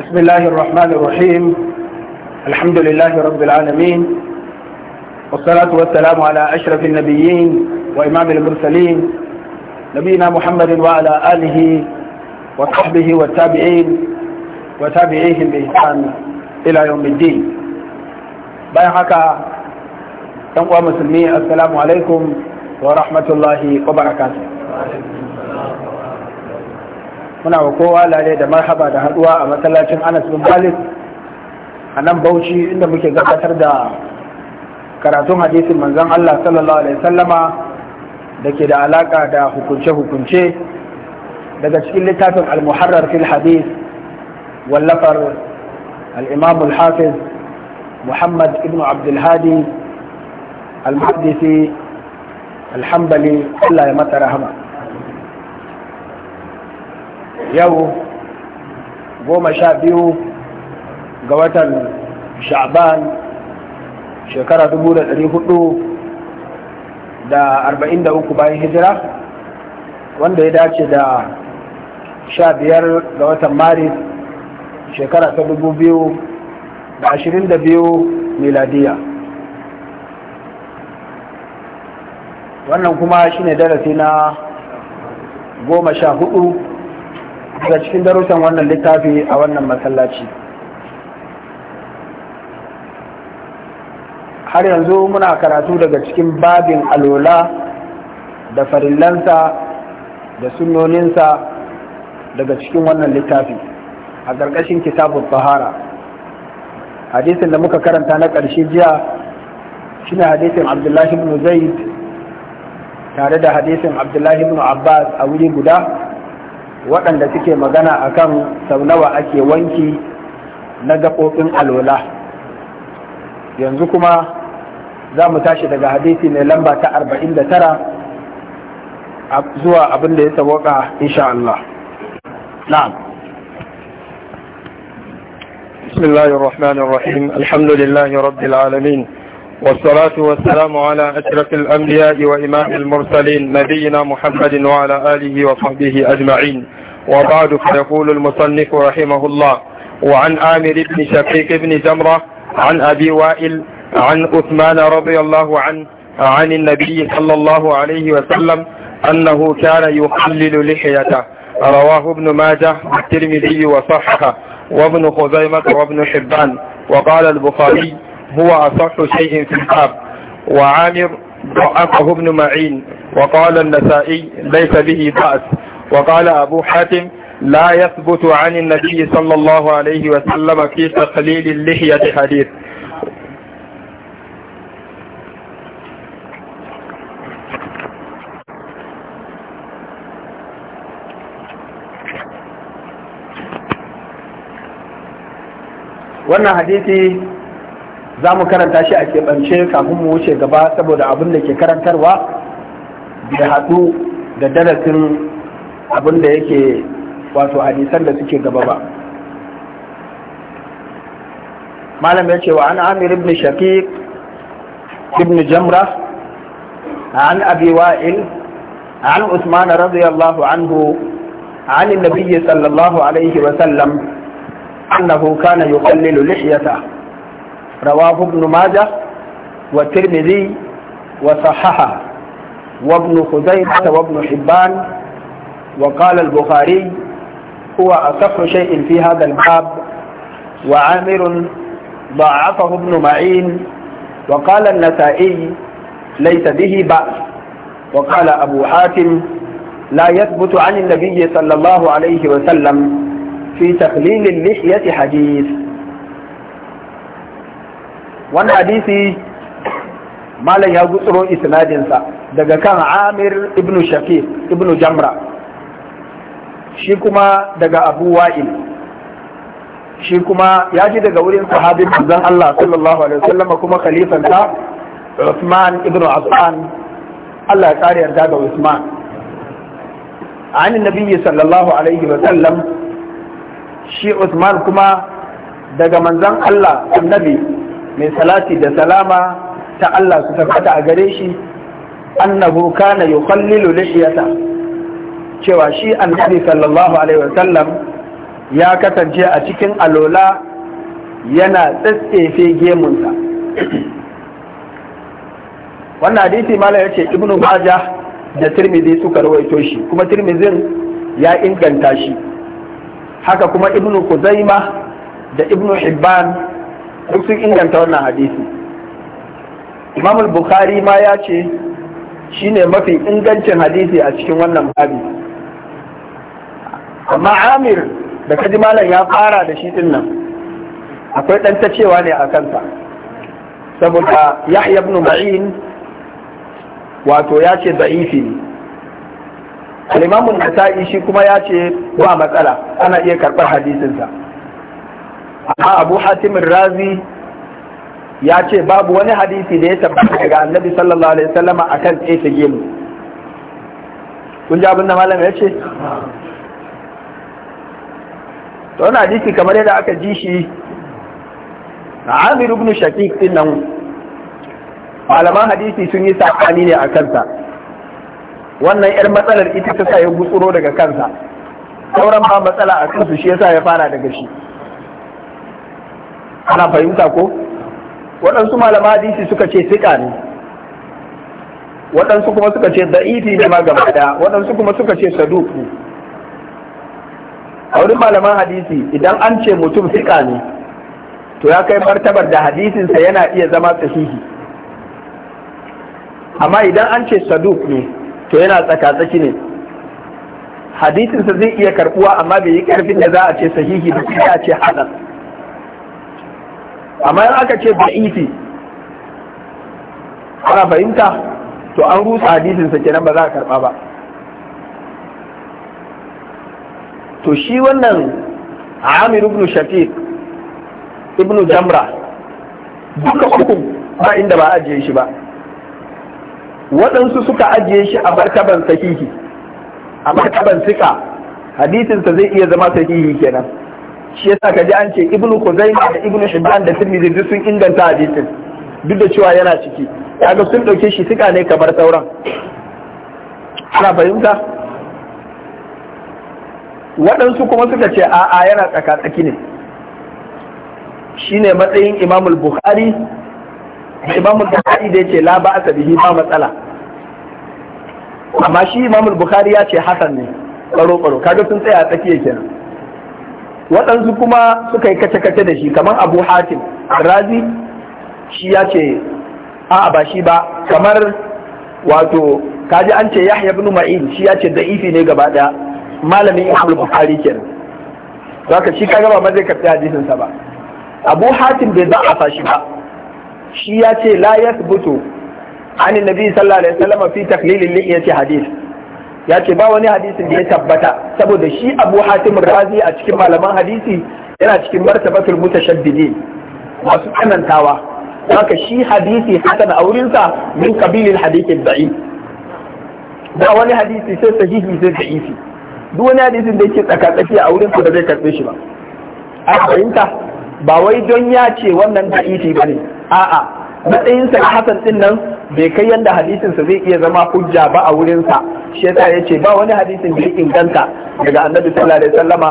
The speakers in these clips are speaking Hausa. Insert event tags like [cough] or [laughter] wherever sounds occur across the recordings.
بسم الله الرحمن الرحيم الحمد لله رب العالمين والصلاة والسلام على أشرف النبيين وإمام المرسلين نبينا محمد وعلى آله وصحبه والتابعين وتابعيهم بإحسان إلى يوم الدين بايعك تنقوى مسلمين السلام عليكم ورحمة الله وبركاته muna wa kowa lare da marhaba da haduwa a masallacin Anas bin Malik a nan Bauchi inda muke gabatar da karatun hadisin manzon Allah sallallahu alaihi wasallama da ke da alaka da hukunce-hukunce daga cikin littafin al-muharrar fil hadis wallafar al-imam al-hafiz Muhammad ibn Abdulhadi, al-Muhaddisi al hambali Allah ya mata rahama yau goma sha biyu ga watan sha'ban shekara dubu da dari hudu da arba'in da uku bayan hijira wanda ya dace da sha biyar ga watan maris shekara ta dubu biyu da ashirin da biyu miladiya wannan kuma shine darasi na goma sha hudu daga cikin darussan wannan littafi a wannan masallaci har yanzu muna karatu daga cikin babin alola da farillansa da sunnoninsa daga cikin wannan littafi a ƙarƙashin kitabun fahara hadisin da muka karanta na ƙarshe jiya shine hadisin abdullahi ibn zaid tare da hadisin abdullahi ibn abbas a wuri guda waɗanda suke magana a kan sau nawa ake wanki na gaɓoɓin alola yanzu kuma za mu tashi daga hadisi mai lamba ta 49 zuwa abin da ya saboka insha Allah na'am بسم الله الرحمن الرحيم الحمد لله رب العالمين والصلاة والسلام على أشرف الأنبياء وإمام المرسلين نبينا محمد وعلى آله وصحبه أجمعين وبعد فيقول المصنف رحمه الله وعن آمر بن شقيق بن جمرة عن أبي وائل عن عثمان رضي الله عنه عن النبي صلى الله عليه وسلم أنه كان يحلل لحيته رواه ابن ماجه والترمذي وصححه وابن خزيمة وابن حبان وقال البخاري هو أصح شيء في الباب وعامر ضعفه ابن معين وقال النسائي ليس به بأس وقال أبو حاتم لا يثبت عن النبي صلى الله عليه وسلم في تقليل اللحية حديث wannan hadisi za mu karanta shi a keɓance kafin mu wuce gaba saboda abin da ke karantarwa bai haɗu da darasin abin da yake wato hadisan da suke gaba ba malam ya ce wa an amir ibn shaqiq ibn jamra an abi wa'il an Usmanu radiyallahu anhu عن النبي صلى الله عليه وسلم أنه كان يقلل لحيته رواه ابن ماجه والترمذي وصححه وابن خزيمة وابن حبان وقال البخاري هو أصح شيء في هذا الباب وعامر ضاعفه ابن معين وقال النسائي ليس به بأس وقال أبو حاتم لا يثبت عن النبي صلى الله عليه وسلم في تخليل اللحية حديث Wani hadisi malam ya gutsuro isnadinsa daga kan amir ibn shafi ibn jamra shi kuma daga abu wa'il shi kuma ya ji daga wurin sahabin manzon Allah sallallahu alaihi wasallam kuma khalifanta Uthman ibn Affan Allah ya kare yarda ga Uthman an nabiyyi sallallahu alaihi wasallam shi Uthman kuma daga manzon Allah annabi mai salati da salama ta Allah su tabbata a gare shi annahu kana yukhallilu lihiyata cewa shi annabi sallallahu alaihi wasallam ya kasance a cikin alola yana tsatsefe gemunsa wannan hadisi malam yace ibnu majah da tirmidhi suka rawaito shi kuma tirmidhin ya inganta shi haka kuma ibnu kuzaima da ibnu hibban duk sun inganta wannan hadisi imam bukhari ma ya ce shi ne mafi ingancin hadisi a cikin wannan babi amma amir da kaji malam ya fara da shi din nan akwai ɗan ta cewa ne a kansa saboda yahya ibn ma'in wato ya ce da'ifi ne al-imamun shi kuma ya ce ba matsala ana iya karɓar hadisinsa amma abu hatimin razi ya ce babu wani hadisi da ya tabbata daga annabi sallallahu alaihi wasallama akan tsaye gemu kun ji abin da malam ya ce to wani hadisi kamar yadda aka ji shi Amir ibn Shaqiq din nan malaman hadisi sun yi sakani ne a kansa wannan yar matsalar ita ta sa ya gutsuro daga kansa sauran ba matsala a kansu shi yasa ya fara daga shi ana fahimta ko waɗansu malama hadisi suka ce siƙa ne waɗansu kuma suka ce da'ifi ne ma gaba ɗaya waɗansu kuma suka ce saduku a wurin malaman hadisi idan an ce mutum siƙa ne to ya kai martabar da hadisinsa yana iya zama sahihi amma idan an ce saduk ne to yana tsaka-tsaki ne hadisinsa zai iya karbuwa amma bai yi karfin da za a ce sahihi sai a ce hadas amma in aka ce da'ifi ana fahimta to an rusa hadisin sa kenan ba za a karba ba to shi wannan Amir ibn Shafiq ibn Jamra duka uku ba inda ba ajiye shi ba waɗansu suka ajiye shi a martaban sahihi a martaban sika hadisinsa zai iya zama sahihi kenan shi yasa ka ji an ce ibnu kuzaima da ibnu hibban da tirmidhi duk sun inganta hadisin duk da cewa yana ciki kaga sun dauke shi suka ne kamar sauran ana fahimta waɗansu kuma suka ce a'a yana tsaka tsaki ne shine matsayin imamul bukhari da imamul bukhari da yace la ba'sa bihi ba matsala amma shi imamul bukhari ya ce hasan ne baro baro kaga sun tsaya tsakiya kenan waɗansu kuma suka yi kace-kace da shi kamar abu hatim razi shi ya ce a'a ba shi ba kamar wato kaji an ce yahya ibn ma'in shi ya ce da'ifi ne gaba daya malamin imam bukhari kenan ka shi kaga ba ma zai karɓi hadisin sa ba abu hatim bai a shi ba shi ya ce la yathbutu an annabi sallallahu alaihi wasallam fi taklilin lihiyati hadith ya ce ba wani hadisin da ya tabbata saboda shi abu hatim razi a cikin malaman hadisi yana cikin martabatul mutashaddidi masu tsanantawa haka shi hadisi hasan aurinsa min qabilil hadisi da'i ba wani hadisi sai sahihi sai da'ifi duk wani hadisin da yake tsakatsaki a wurin da zai karbe shi ba a fahimta ba wai don ya ce wannan da'ifi bane a'a matsayinsa a hasan din nan bai kai yanda hadisinsa zai iya zama hujja ba a wurin sa shi yasa yace ba wani hadisin da ya inganta daga annabi sallallahu alaihi wasallama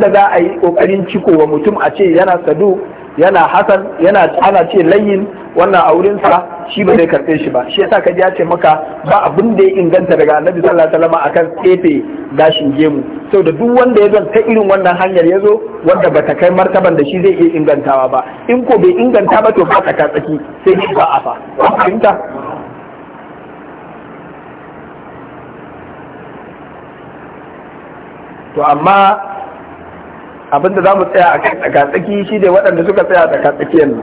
da za a yi kokarin ciko wa mutum a ce yana sadu yana hasan yana ana ce layin wannan a wurinsa shi ba zai karɓe shi ba shi yasa ka ya ce maka ba abin da ya inganta daga annabi sallallahu alaihi wasallam akan tsefe gashin gemu saboda duk wanda ya zan ta irin wannan hanyar ya zo wanda bata kai martaban da shi zai iya ingantawa ba in ko bai inganta ba to ba tsaka tsaki sai dai ba a fa fahimta to amma abinda za mu tsaya a kai tsaki shi ne waɗanda suka tsaya a tsakatsakiyar nan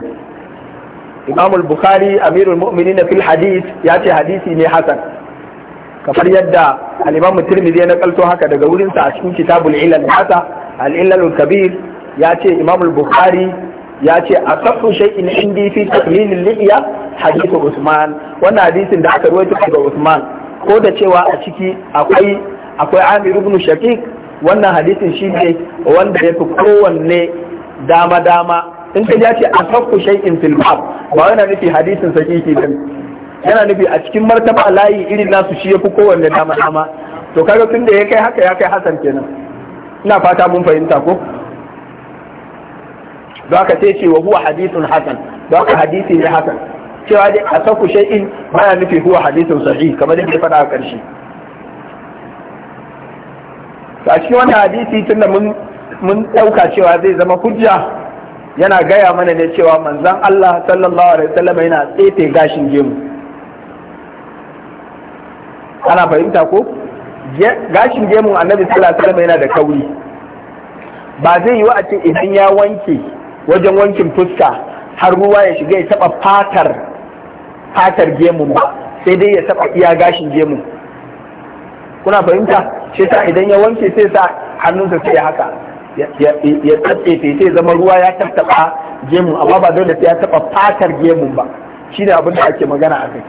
imam bukhari amirul mu'minin fil hadith ya ce hadisi ne hasan kamar yadda al-imam tirmidhi ya nakalto haka daga wurin sa a cikin kitabul ilal hasa al-ilal kabir ya ce imam bukhari ya ce a safu shay'in indi fi taqlilil liya hadithu usman wannan hadisin da aka rawaito daga usman ko da cewa a ciki akwai akwai amir ibn shaqiq wannan hadisin shi ne wanda ya fi kowanne dama-dama in ka ce a sakku shay'in fil bab ba yana nufi hadisin sahihi din yana nufi a cikin martaba layi irin nasu shi ya fi kowanne dama-dama to kaga tun da ya kai haka ya kai hasan kenan ina fata mun fahimta ko don ka sai ce wa huwa hadisun hasan don ka hadisi ne hasan cewa dai a sakku shay'in baya nufi huwa hadisun sahih kamar yadda ya faɗa a ƙarshe a cikin wani hadisi tun da mun ɗauka cewa zai zama hujja yana gaya mana ne cewa manzan Allah sallallahu alaihi wasallam yana tsefe gashin gemu ana fahimta ko gashin a annabi sallallahu alaihi wasallam yana da kauri ba zai yi wa idan ya wanke wajen wankin fuska har ruwa ya shiga ya taɓa fatar fatar gemu ba sai dai ya taɓa iya gashin gemu kuna fahimta shi sa idan ya wanke sai sa hannunsa sai haka ya tsatse sai zama ruwa ya tattaba gemu amma ba dole sai ya taba fatar gemun ba shi ne abin da ake magana a kai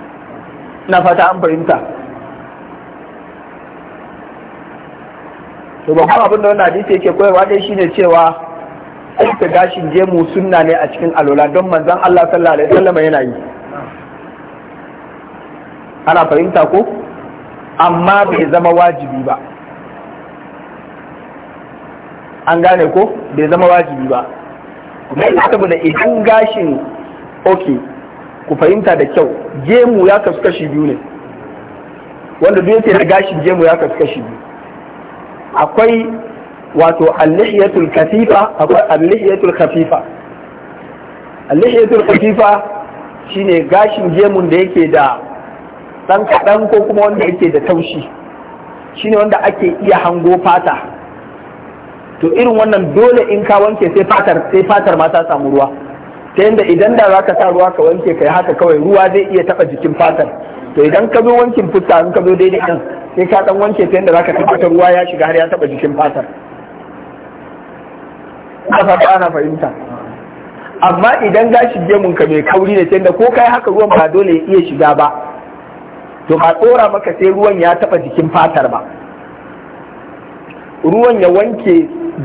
ina fata an fahimta to babban abin da wannan hadisi yake koyarwa dai shine cewa aika gashin gemu sunna ne a cikin alola don manzon Allah sallallahu alaihi wasallam yana yi ana fahimta ko amma bai zama wajibi ba an gane ko bai zama wajibi ba kuma ina saboda idan gashin ok ku fahimta da kyau gemu ya kasu kashi biyu ne wanda duk yake da gashin gemu ya kasu kashi biyu akwai wato allihiyatul katifa akwai allihiyatul khafifa allihiyatul khafifa shine gashin gemun da yake da ɗan kaɗan ko kuma wanda yake da taushi shine wanda ake iya hango fata to irin wannan dole in ka wanke sai fatar sai fatar ma ta samu ruwa ta yadda idan da za ka sa ruwa ka wanke kai haka kawai ruwa zai iya taɓa jikin fatar to idan ka zo wankin fuska in ka zo daidai ɗin sai ka ɗan wanke ta yadda za ka tabbatar ruwa ya shiga har ya taɓa jikin fatar ka ana fahimta amma idan gashi gemun ka mai kauri ne ta yadda ko kai haka ruwan ba dole ya iya shiga ba to ba tsora maka sai ruwan ya taɓa jikin fatar ba ruwan ya wanke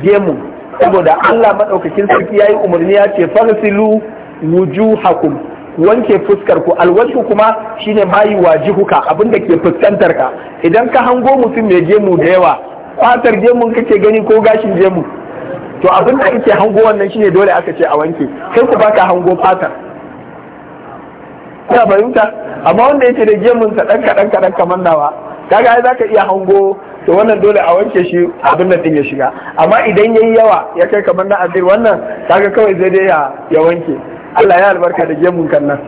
gemu saboda Allah maɗaukakin sarki ya yi umarni ya ce fasilu wujuhakum wanke fuskar ku alwashu kuma shine mai wajihuka abinda ke fuskantar ka idan ka hango mutum mai gemu da yawa fatar gemun kake gani ko gashin gemu to abin da ake hango wannan shine dole aka ce a wanke kai ku baka hango fatar ka fahimta amma wanda yake da gemun sa dan kadan kadan kamar nawa kaga ai zaka iya hango to wannan dole a wanke shi abin nan din ya shiga amma idan yayi yawa ya kai kamar na azir wannan kaga kawai zai dai ya wanke Allah ya albarka da gemun kan nan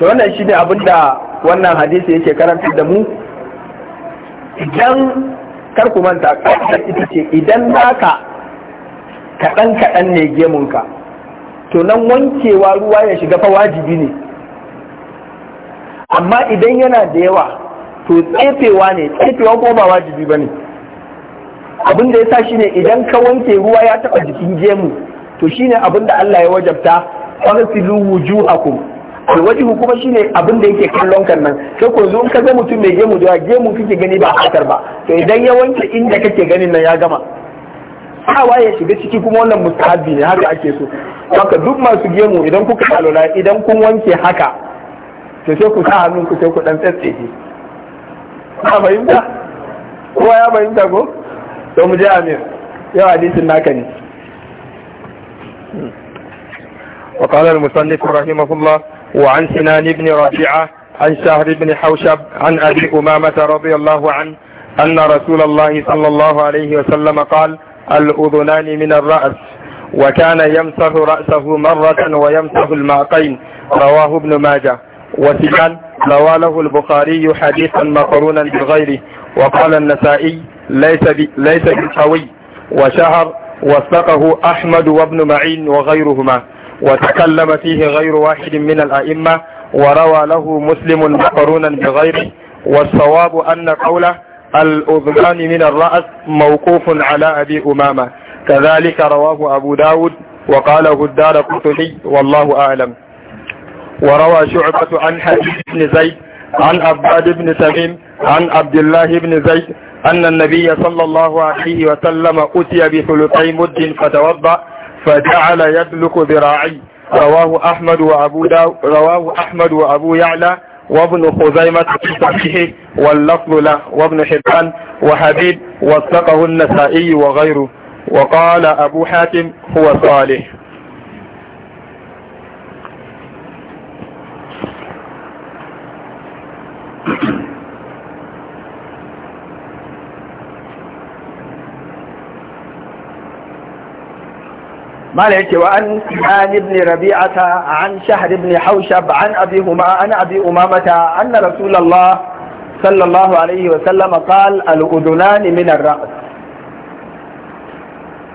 to wannan shine abin da wannan hadisi yake karantar da mu idan kar ku manta ita ce idan naka kaɗan kaɗan ne gemunka to nan wankewa ruwa ya shiga fa wajibi ne amma idan yana da yawa to tsefewa ne tsefewa ko ba wajibi ba ne abin da ya sa shi ne idan ka wanke ruwa ya taɓa jikin gemu to shine abin da Allah ya wajabta fasilu wujuhakum alwajihu kuma shine abin da yake kallon kan nan sai ko zo ka ga mutum mai gemu da gemu kake gani ba akar ba to idan ya wanke inda kake ganin nan ya gama sawa ya shiga ciki kuma wannan mustahabi ne haka ake so haka duk masu gemu idan kuka alwala idan kun wanke haka to sai ku sa hannun ku sai ku dan tsatseje ka fahimta kowa ya fahimta ko to mu je amir yau hadisin naka ne وقال المصنف رحمه الله وعن سنان بن رافعه عن شهر بن حوشب عن أبي أمامة رضي الله عنه أن رسول الله صلى الله عليه وسلم قال الأذنان من الرأس وكان يمسح رأسه مرة ويمسح المعقين رواه ابن ماجه وسجان رواه البخاري حديثا مقرونا بغيره وقال النسائي ليس ليس بالقوي وشهر وثقه أحمد وابن معين وغيرهما وتكلم فيه غير واحد من الأئمة وروى له مسلم مقرونا بغيره والصواب أن قوله الأذنان من الرأس موقوف على أبي أمامة كذلك رواه أبو داود وقاله الدار قطني والله أعلم وروى شعبة عن حديث بن زيد عن عباد بن سليم عن عبد الله بن زيد أن النبي صلى الله عليه وسلم أتي بثلثي مد فتوضأ فجعل يدلك ذراعي رواه أحمد وأبو داو رواه أحمد وأبو يعلى وابن خزيمة في صحيحه واللفظ له وابن حبان وحبيب وثقه النسائي وغيره وقال أبو حاتم هو صالح Thank you. [coughs] mala yake wa an an ibn rabi'ata an shahr ibn haushab an abi huma an abi umamata anna rasulullah sallallahu alaihi wa sallam qal al udunani min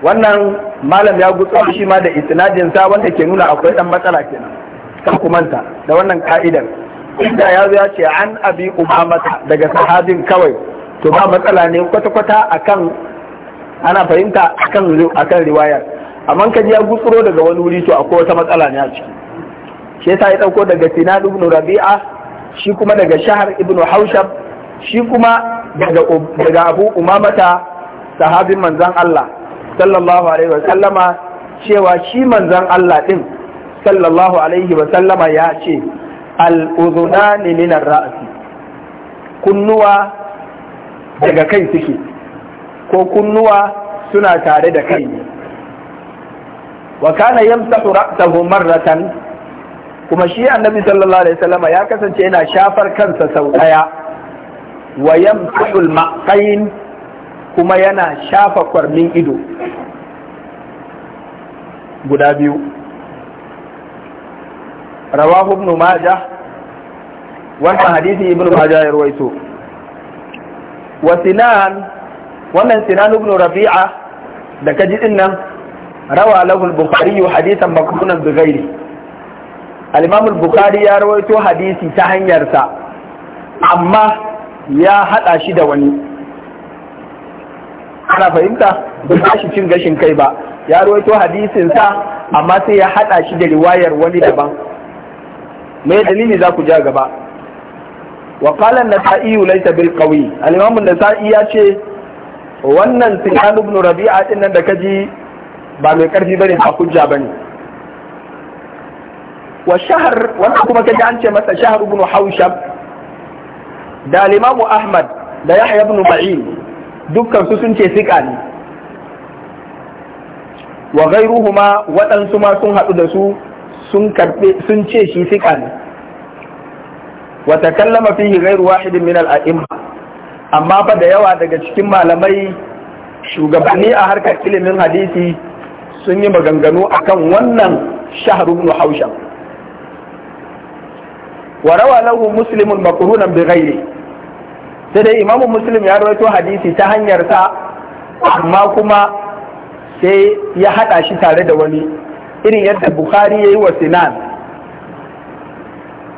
wannan malam ya gutsa shi ma da isnadin sa wanda ke nuna akwai dan matsala kenan kan kumanta da wannan ka'idar inda ya zo ya ce an abi umamata daga sahabin kawai to ba matsala ne kwata-kwata akan ana fahimta akan akan riwayar amma ka ji ya gutsuro daga wani wuri to akwai wata matsala ne a ciki shi yasa ya dauko daga Sinan ibn Rabi'a shi kuma daga Shahar ibn Haushab shi kuma daga daga Abu Umamata sahabin manzon Allah sallallahu alaihi wa sallama cewa shi manzon Allah din sallallahu alaihi wa sallama ya ce al-udhunani min ar-ra'si kunnuwa daga kai suke ko kunnuwa suna tare da kai ne wa kana yamsahu ra'sahu marratan kuma shi annabi sallallahu alaihi wasallam ya kasance yana shafar kansa sau daya wa yamsahu al-maqayn kuma yana shafa kwarmin ido guda biyu rawahu ibn majah wannan hadisi ibn majah ya rawaito wa sinan wannan sinan ibn rabi'a da kaji din nan rawa lahul bukhari hadisan makrunan bi ghairi al-imam al-bukhari ya rawaito hadisi ta hanyarsa amma ya hada shi da wani ana fahimta ba shi cin gashin kai ba ya rawaito hadisin sa amma sai ya hada shi da riwayar wani daban me dalili za ku ja gaba wa qala an-nasa'i laysa bil qawi al nasai ya ce wannan sinan ibn rabi'a din nan da kaji ba mai karfi bane ba hujja bane wa shahar wannan kuma kaji an ce masa shahar ibn haushab da limamu ahmad da yahya ibn ma'in dukkan su sun ce sika ne wa ghayruhuma waɗansu ma sun haɗu da su sun karɓe sun ce shi sika ne wa takallama fihi ghayru wahidin min al amma fa da yawa daga cikin malamai shugabanni a harkar ilimin hadisi sun yi maganganu kan wannan shahru ibn haushan wa rawa lahu muslimun makurunan bi sai dai imamu muslim ya rawaito hadisi ta hanyar sa amma kuma sai ya haɗa shi tare da wani irin yadda bukhari ya yi wa sinan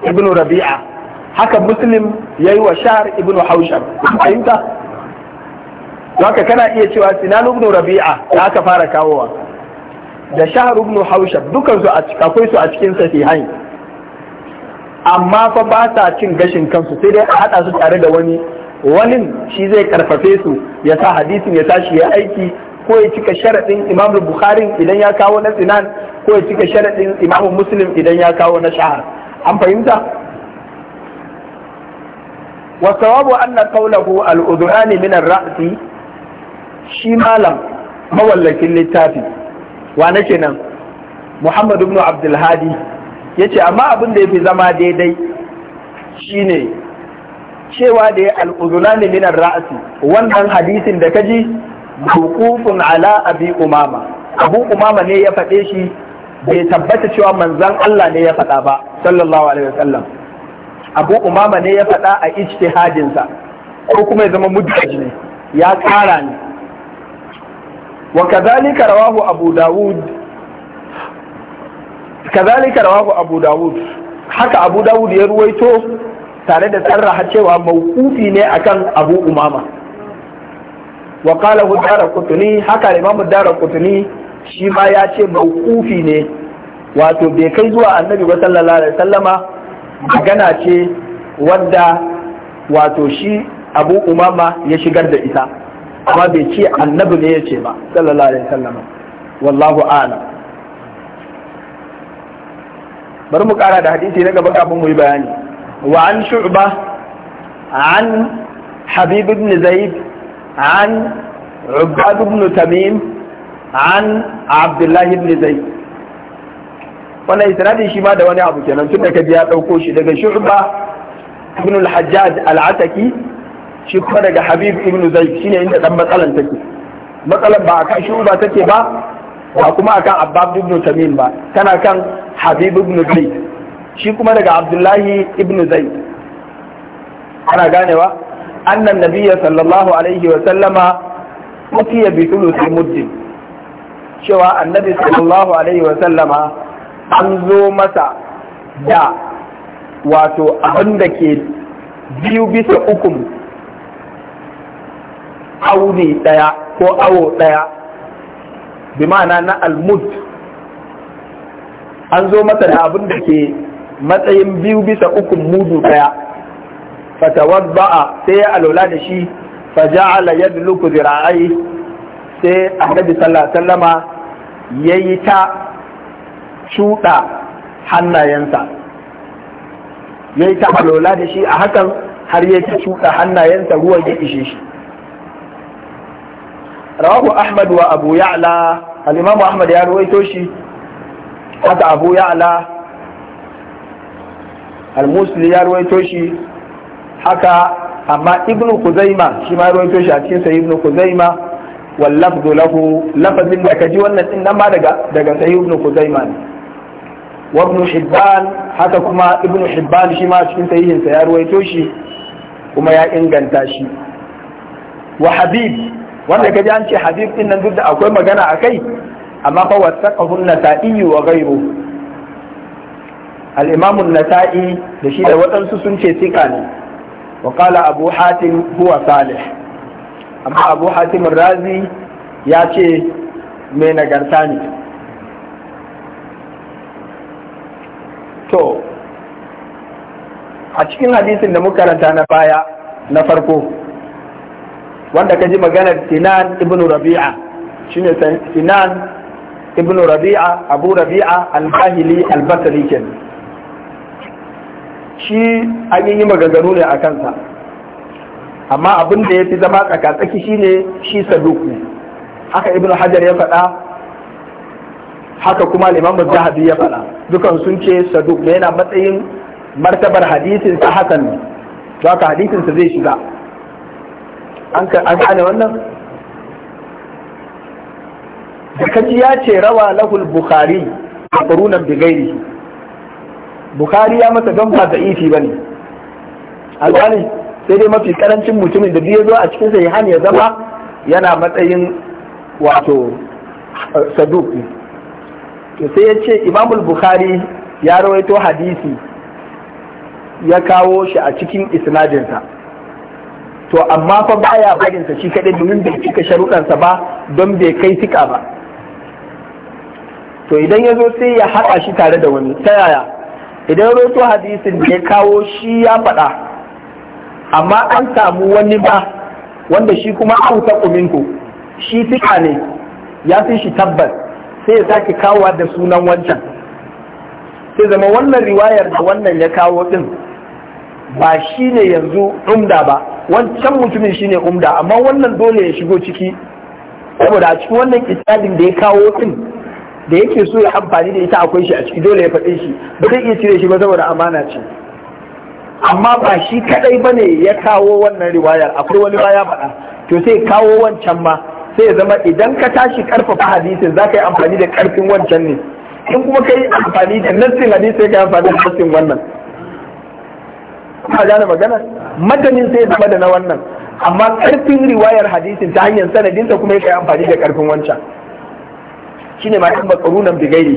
ibn rabi'a haka muslim yi wa shahar ibn haushan fahimta haka kana iya cewa sinan ibn rabi'a da aka fara kawowa da shahar ibn hausha dukan su akwai su a cikin sahihain amma fa ba sa cin gashin kansu sai dai a hada su tare da wani wani shi zai karfafe su ya sa hadisin ya tashi ya aiki ko ya cika sharadin imam bukhari idan ya kawo na sinan ko ya cika sharadin imam muslim idan ya kawo na shahar an fahimta wa sawabu anna qawluhu al-udhani min ar-ra'si shi malam mawallakin littafi wane kenan Muhammad ibn Abdul ya ce amma abin da yafi zama daidai shine cewa da ya ne minar ra'asi wannan hadisin da kaji hukufun ala abi umama abu umama ne ya faɗe shi bai tabbata cewa manzan Allah ne ya faɗa ba sallallahu alaihi wasallam abu umama ne ya faɗa a ijtihadinsa ko kuma ya zama muddaji ne ya ƙara ne وكذلك رواه أبو داود كذلك رواه أبو داود حكى أبو داود tare da sarraha cewa mawkufi ne akan abu umama wa qala dara kutuni haka imamu dara kutuni shi ma ya ce mawkufi ne wato bai kai zuwa annabi ba sallallahu alaihi wasallama ce wadda wato shi abu umama ya shigar da ita amma bai ce annabi ne ya ce ba sallallahu alaihi wasallam wallahu a'lam bari mu kara da hadisi na gaba kafin mu yi bayani wa an shu'ba an habib ibn zaid an ubad ibn tamim an abdullahi ibn zaid wannan isnadin shi ma da wani abu kenan tun da biya ya dauko shi daga shu'ba ibn al-hajjaj al-ataki shi kuma daga habib ibn zaid shine inda dan matsalan take matsalan ba akan shi ba take ba ba kuma akan abbab ibn tamim ba tana kan habib ibn zaid shi kuma daga abdullahi ibn zaid ana ganewa annan nabiyya sallallahu alaihi wa sallama kutiya bi thuluthi muddin cewa annabi sallallahu alaihi wa sallama an zo masa da wato abin da ke biyu bisa ukun auni ɗaya ko awo ɗaya bi ma'ana na almud an zo masa da abin da ke matsayin biyu bisa uku mudu ɗaya fatawar ba'a sai ya alola da shi ja'ala yadluku zira'ai sai annabi sallallahu alaihi wasallama yayi ta shuda hannayensa yayi ta alola da shi a hakan har yayi ta hannayensa ruwan ya ishe shi rawahu ahmad wa abu ya'la al-imamu ahmad ya ruwaito shi haka abu ya'la al-musli ya ruwaito shi haka amma ibnu kuzaima shi ma ruwaito shi a cikin sahih ibnu kuzaima wal lafdu lahu lafazin da kaji wannan din nan ma daga daga sahih ibnu kuzaima ne wa ibnu hibban haka kuma ibnu hibban shi ma a cikin sahihin sa ya ruwaito shi kuma ya inganta shi wa habib wanda ka ji an ce hadith din nan duk da akwai magana a kai amma fa wasaqahu an-nasa'i wa ghayru al-imam an-nasa'i da shi da wadansu sun ce sika ne wa qala abu hatim huwa salih amma abu hatim razi ya ce mai nagarta ne to a cikin hadisin da muka karanta na baya na farko wanda ka ji maganar sinan ibn rabi'a shine sinan ibn rabi'a abu rabi'a al-bahili al-basri shi an yi maganganu ne a kansa amma abin da ya fi zama tsaka shine shi saduk ne haka ibn hajar ya faɗa haka kuma imam zahabi ya faɗa dukan sun ce saduk ne yana matsayin martabar hadisin sa hasan ne hadisin sa zai shiga an gane wannan da kaji ya ce rawa lahul bukhari a furunan bigairi bukhari ya masa don ba da'ifi ba ne alwani sai dai mafi karancin mutumin da biya zo a cikin sahihan ya zama yana matsayin wato eh, saduk to sai ya ce imamul bukhari ya rawaito hadisi ya kawo shi a cikin isnadinsa to amma fa baya barin sa shi kadai domin bai cika sharuɗansa ba don bai kai tika ba to idan ya zo sai ya haɗa shi tare da wani ta yaya idan roto hadisin da ya kawo shi ya faɗa amma an samu wani ba wanda shi kuma an ta kuminku shi tika ne ya fi shi tabbas sai ya sake kawo da sunan wancan sai zama wannan riwayar da wannan ya kawo din ba shi ne yanzu umda ba wancan mutumin shine umda amma wannan dole ya shigo ciki saboda a cikin wannan kitabin da ya kawo din da yake so ya amfani da ita akwai shi a ciki dole ya faɗe shi ba zai iya cire shi ba saboda amana ce amma ba shi kadai bane ya kawo wannan riwayar akwai wani baya faɗa to sai kawo wancan ma sai ya zama idan ka tashi karfafa hadisin za ka yi amfani da karfin wancan ne in kuma ka yi amfani da nassin hadisi ka yi amfani da nassin wannan ka gane magana madanin sai zama da na wannan amma karfin riwayar hadisin ta hanyar sanadinsa kuma ya kai amfani da karfin wancan shine ma in bakarunan bigairi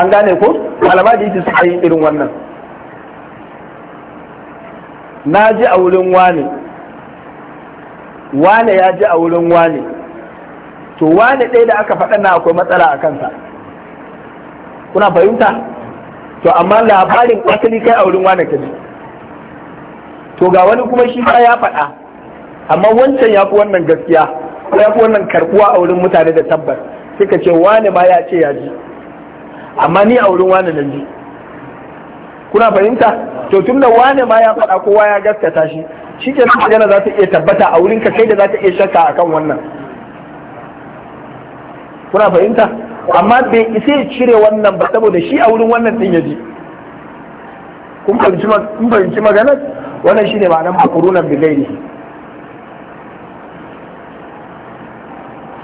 an gane ko malama da yake suka yi irin wannan na ji a wurin wane wane ya ji a wurin wane to wane ɗaya da aka faɗa na akwai matsala a kansa kuna fahimta to amma labarin asali kai a wurin wane ka ji to ga wani kuma shi ba ya faɗa amma wancan ya fi wannan gaskiya ko ya fi wannan karkuwa a wurin mutane da tabbas suka ce wane ma ya ce ya ji amma ni a wurin wane nan ji kuna fahimta to tun da wane ma ya faɗa kowa ya gaskata shi shi ke nan gana za ta iya tabbata a wurin ka kai da za ta iya shakka akan wannan kuna fahimta amma bai isa ya cire wannan ba saboda shi a wurin wannan din yaji kun fahimci maganar wannan shine ma'anar makarunan bi ne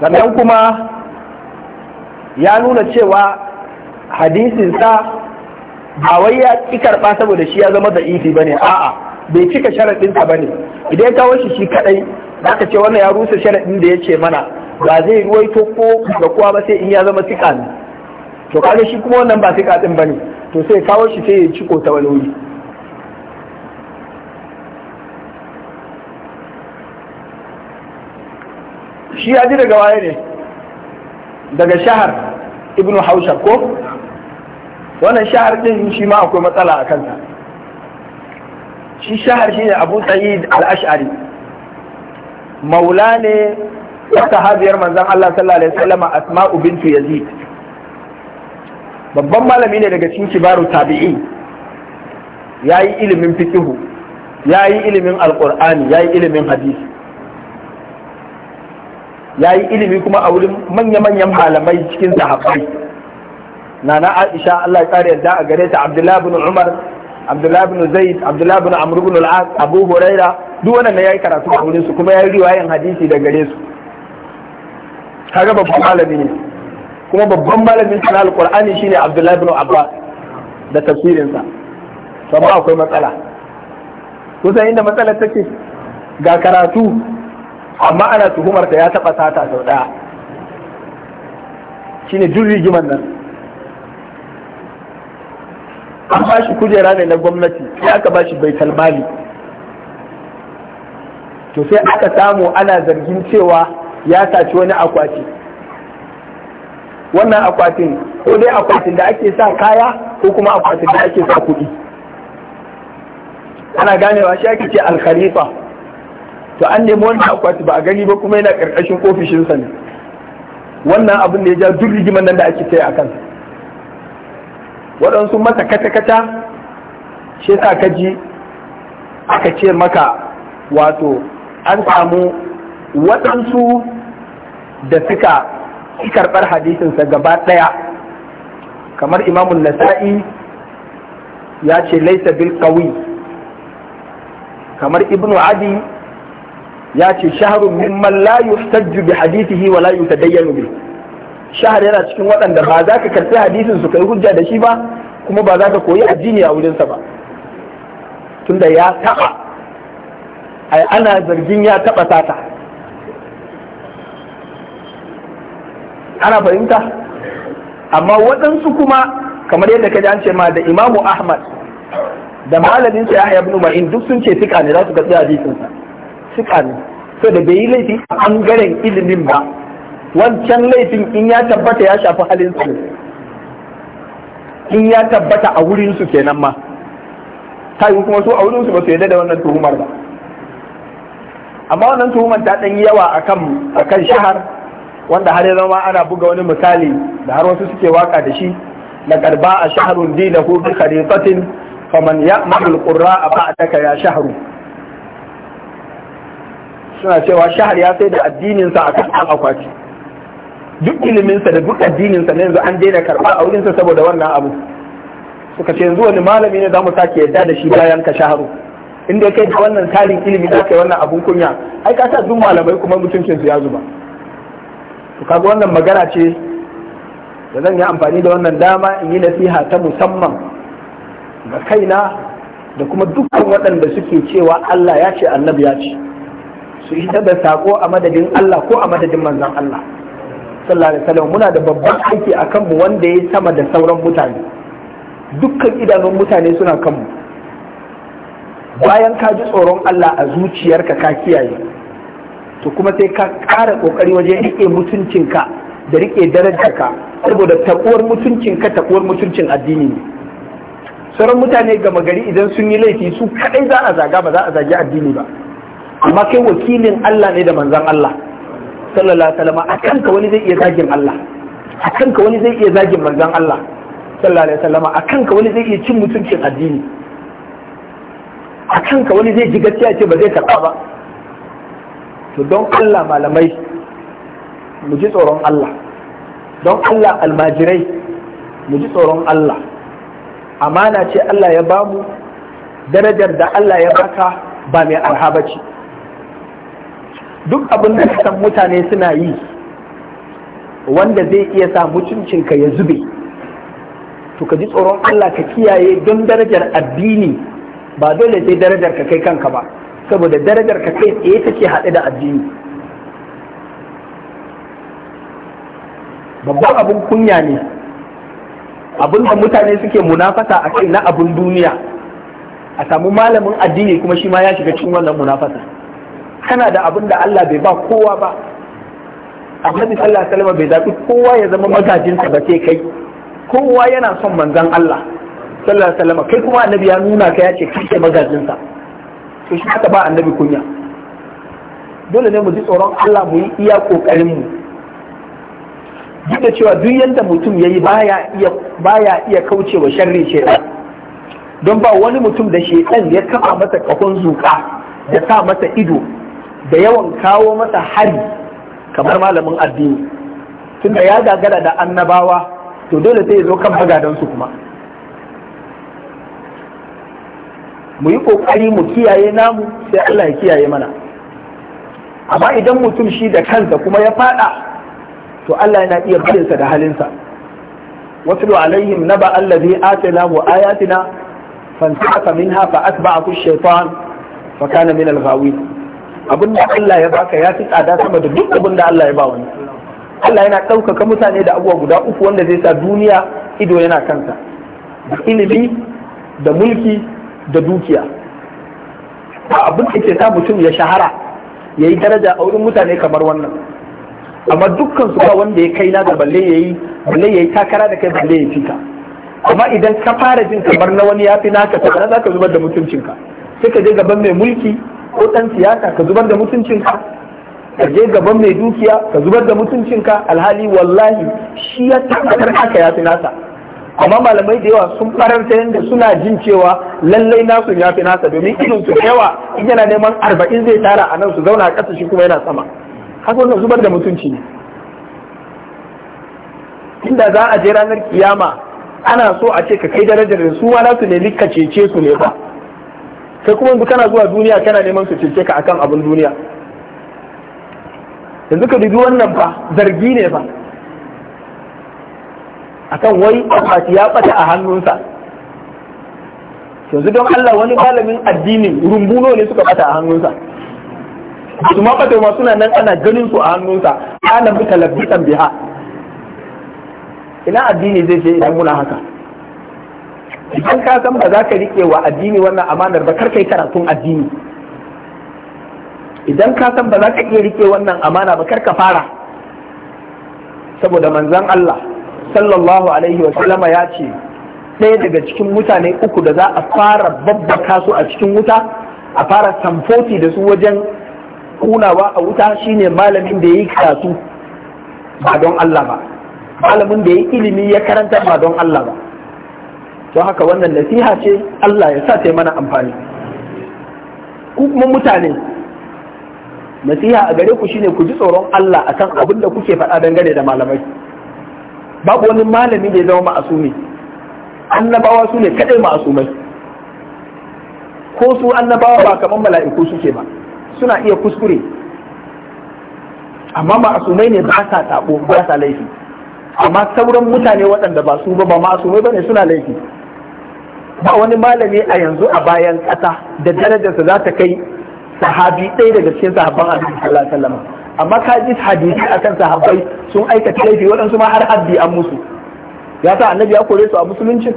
sannan kuma ya nuna cewa hadisin sa ba wai ya ƙi karɓa saboda shi ya zama da ifi ne a'a bai cika sharaɗinsa ba ne idan ya kawo shi shi kaɗai zaka ce wannan ya rusa sharaɗin da ya ce mana ba zai ruwaito ko da kowa ba sai in ya zama sika ne to kaga shi kuma wannan ba sika din bane to sai kawo shi sai ya ciko ta wani wuri shi ya ji daga waye ne daga shahar ibnu hausha ko wannan shahar din shi ma akwai matsala a kansa shi shahar shi ne abu sa'id al-ash'ari maula ne sahabiyar manzon Allah sallallahu alaihi wasallam Asma'u bintu Yazid babban malami ne daga cikin kibaru tabi'i yayi ilimin ya yayi ilimin alqur'ani yayi ilimin hadisi yayi ilimi kuma a wurin manya-manyan malamai cikin sahabbai nana Aisha Allah ya kare yadda a gare ta Abdullah ibn Umar Abdullah ibn Zaid Abdullah ibn Amr ibn al-As Abu Huraira duk wannan yayi karatu a wurin su kuma yi riwayan hadisi da gare su kaga babban malami ne kuma babban malamin na alkur'ani shine abdullahi bin abbas da tafsirinsa to amma akwai matsala kusan inda matsalar take ga karatu amma ana tuhumar ta ya taba sata sau ɗaya shine duk rigiman nan an ba shi kujera ne na gwamnati sai aka ba shi baital mali to sai aka samu ana zargin cewa ya saci wani akwati wannan akwatin ko dai akwatin da ake sa kaya ko kuma akwatin da ake sa kuɗi ana ganewa shi ake ce alkhalifa to an nemi wannan akwati ba a gani ba kuma yana ƙarƙashin ofishinsa ne wannan abin da ya ja duk rigiman nan da ake tsaye a kan. waɗansu masa kata-kata shi sa ka ji aka ce maka wato an samu waɗansu da suka karɓar hadisinsa gaba ɗaya kamar imamun nasa'i ya ce laisa bil kamar ibnu adi ya ce shaharun mimman la yuhtajju bi hadithihi wa la yutadayyanu bi shahar yana cikin waɗanda ba za ka karɓi hadisin su kai hujja da shi ba kuma ba za ka koyi addini a wurinsa ba tunda ya taɓa ai ana zargin ya taɓa sata ana fahimta amma waɗansu kuma kamar yadda ka ji an ce ma da imamu ahmad da malamin sa yahya ibn ma'in duk sun ce sika ne za su gaskiya hadisin sa sika ne so da bai yi laifi a bangaren ilimin ba wancan laifin in ya tabbata ya shafi halin su in ya tabbata a wurin su kenan ma ta yi kuma su a wurin su ba su yarda da wannan tuhumar ba amma wannan tuhumar ta ɗan yawa akan akan shahar wanda har ya zama ana buga wani misali da har wasu suke waka da shi na karba laqad ba'a shahrun dinahu bi khariqatin faman ya'malu al a ba'daka ya shaharu suna cewa shahar ya sai da addininsa a kan akwati duk iliminsa da duk addininsa na yanzu an daina karba a wurinsa saboda wannan abu suka ce yanzu wani malami ne za mu sake yadda da shi bayan ka shaharu inda kai da wannan tarin ilimi za kai wannan abun kunya ai ka sa duk malamai kuma mutuncinsu ya zuba to kaga wannan magana ce da zan yi amfani da wannan dama in yi nasiha ta musamman ga kaina da kuma dukkan waɗanda suke cewa Allah ya ce annabi ya ce su ita da saƙo a madadin Allah ko a madadin manzan Allah sallallahu alaihi wasallam muna da babban aiki a kanmu wanda ya sama da sauran mutane dukkan idanun mutane suna kanmu bayan ka ji tsoron Allah a zuciyarka ka kiyaye to kuma sai ka ƙara ƙoƙari wajen riƙe mutuncinka da riƙe darajarka saboda taɓuwar mutuncinka taɓuwar mutuncin addini ne sauran mutane gama gari idan sun yi laifi su kaɗai za a zaga ba za a zagi addini ba amma kai wakilin Allah ne da manzan Allah sallallahu alaihi wasallam a kanka wani zai iya zagin Allah a kanka wani zai iya zagin manzan Allah sallallahu alaihi wasallam a kanka wani zai iya cin mutuncin addini a kanka wani zai ji gaskiya ce ba zai karɓa ba to don Allah malamai mu ji tsoron Allah don Allah almajirai mu ji tsoron Allah amana ce Allah ya bamu darajar da Allah ya baka ba mai arha ba ce duk abin da kasan mutane suna yi wanda zai iya sa ka ya zube to ka ji tsoron Allah ka kiyaye don darajar addini ba dole sai darajar ka kai kanka ba saboda darajar ka kai tsaye ce haɗe da addini babban abun kunya ne abin da mutane suke munafasa a kai na abun duniya a samu malamin addini kuma shi ma ya shiga cikin wannan munafasa kana da abin da Allah bai ba kowa ba annabi sallallahu alaihi wasallam bai zaɓi kowa ya zama magajinsa ba sai kai kowa yana son manzon Allah sallallahu alaihi wasallam kai kuma annabi ya nuna ka ya ce kike magajinsa to shi aka ba annabi kunya dole ne mu ji tsoron Allah mu yi iya kokarin mu duk da cewa duk yanda mutum yayi baya iya baya iya kaucewa sharri shedan don ba wani mutum da shedan ya kafa masa kafon zuka da sa masa ido da yawan kawo masa hari kamar malamin addini tunda ya gagara da annabawa to dole sai ya zo kan su kuma mu yi kokari mu kiyaye namu sai Allah ya kiyaye mana amma idan mutum shi da kansa kuma ya fada to Allah yana iya barinsa da halinsa watlu alaihim naba allazi Allah ayatina fansaka minha fa atba'ahu ash-shaytan fa kana min alghawi abin da Allah ya baka ya fi tsada sama da duk abin da Allah ya ba wani Allah yana ɗaukaka mutane da abubuwa guda uku wanda zai sa duniya ido yana kansa da ilimi da mulki da dukiya ba abin da ke sa mutum ya shahara ya yi daraja a wurin mutane kamar wannan amma dukkan su ba wanda ya kai na da balle ya yi balle ya yi takara da kai balle ya fita amma idan ka fara jin kamar na wani ya fi naka kana za ka zubar da mutuncinka sai ka je gaban mai mulki ko dan siyasa ka zubar da mutuncinka ka je gaban mai dukiya ka zubar da mutuncinka alhali wallahi shi ya tabbatar haka ya fi nasa amma malamai da yawa sun ta yadda suna jin cewa lallai nasu ya fi nasa domin idan su yawa in yana neman arba'in zai tara a nan su zauna a ƙasa shi kuma yana sama haka wannan zubar da mutunci ne inda za a je ranar kiyama ana so a ce ka kai darajar da su ma su nemi ka cece su ne ba kai kuma yanzu kana zuwa duniya kana neman su cece ka akan abin duniya yanzu ka dubi wannan ba zargi ne ba akan wai akwati ya ɓata a hannunsa yanzu don Allah wani malamin addinin rumbuno ne suka ɓata a hannunsa su ma bata ma suna nan ana ganin su a hannunsa ana muka talabbitan biha ina addini zai je idan muna haka idan ka san ba za ka riƙe wa addini wannan amanar ba kar kai karatun addini idan ka san ba za ka iya riƙe wannan amana ba kar ka fara saboda manzan Allah sallallahu alaihi wa sallama ya ce ɗaya daga cikin mutane uku da za a fara babbaka su a cikin wuta a fara samfoti da su wajen kunawa a wuta shine malamin da ya yi karatu ba don Allah ba malamin da ya yi ilimi ya karanta ba don Allah ba to haka wannan nasiha ce Allah ya sa ta mana amfani ku kuma mutane nasiha a gare ku shine ku ji tsoron Allah akan abin da kuke faɗa dangane da malamai babu wani malami da ya zama ma'asumi annabawa su ne kadai ma'asumai ko su annabawa ba kamar mala'iku suke ba suna iya kuskure amma ma'asumai ne ba sa tabo ba sa laifi amma sauran mutane waɗanda ba su ba ma'asumai ba ne suna laifi ba wani malami a yanzu a bayan ƙasa da darajarsa za ta kai sahabi ɗaya daga cikin sahabban abin sallallahu alaihi amma ka ji hadisi a akan sahabbai sun aikata laifi waɗansu ma har haddi an musu ya sa annabi ya kore su a musulunci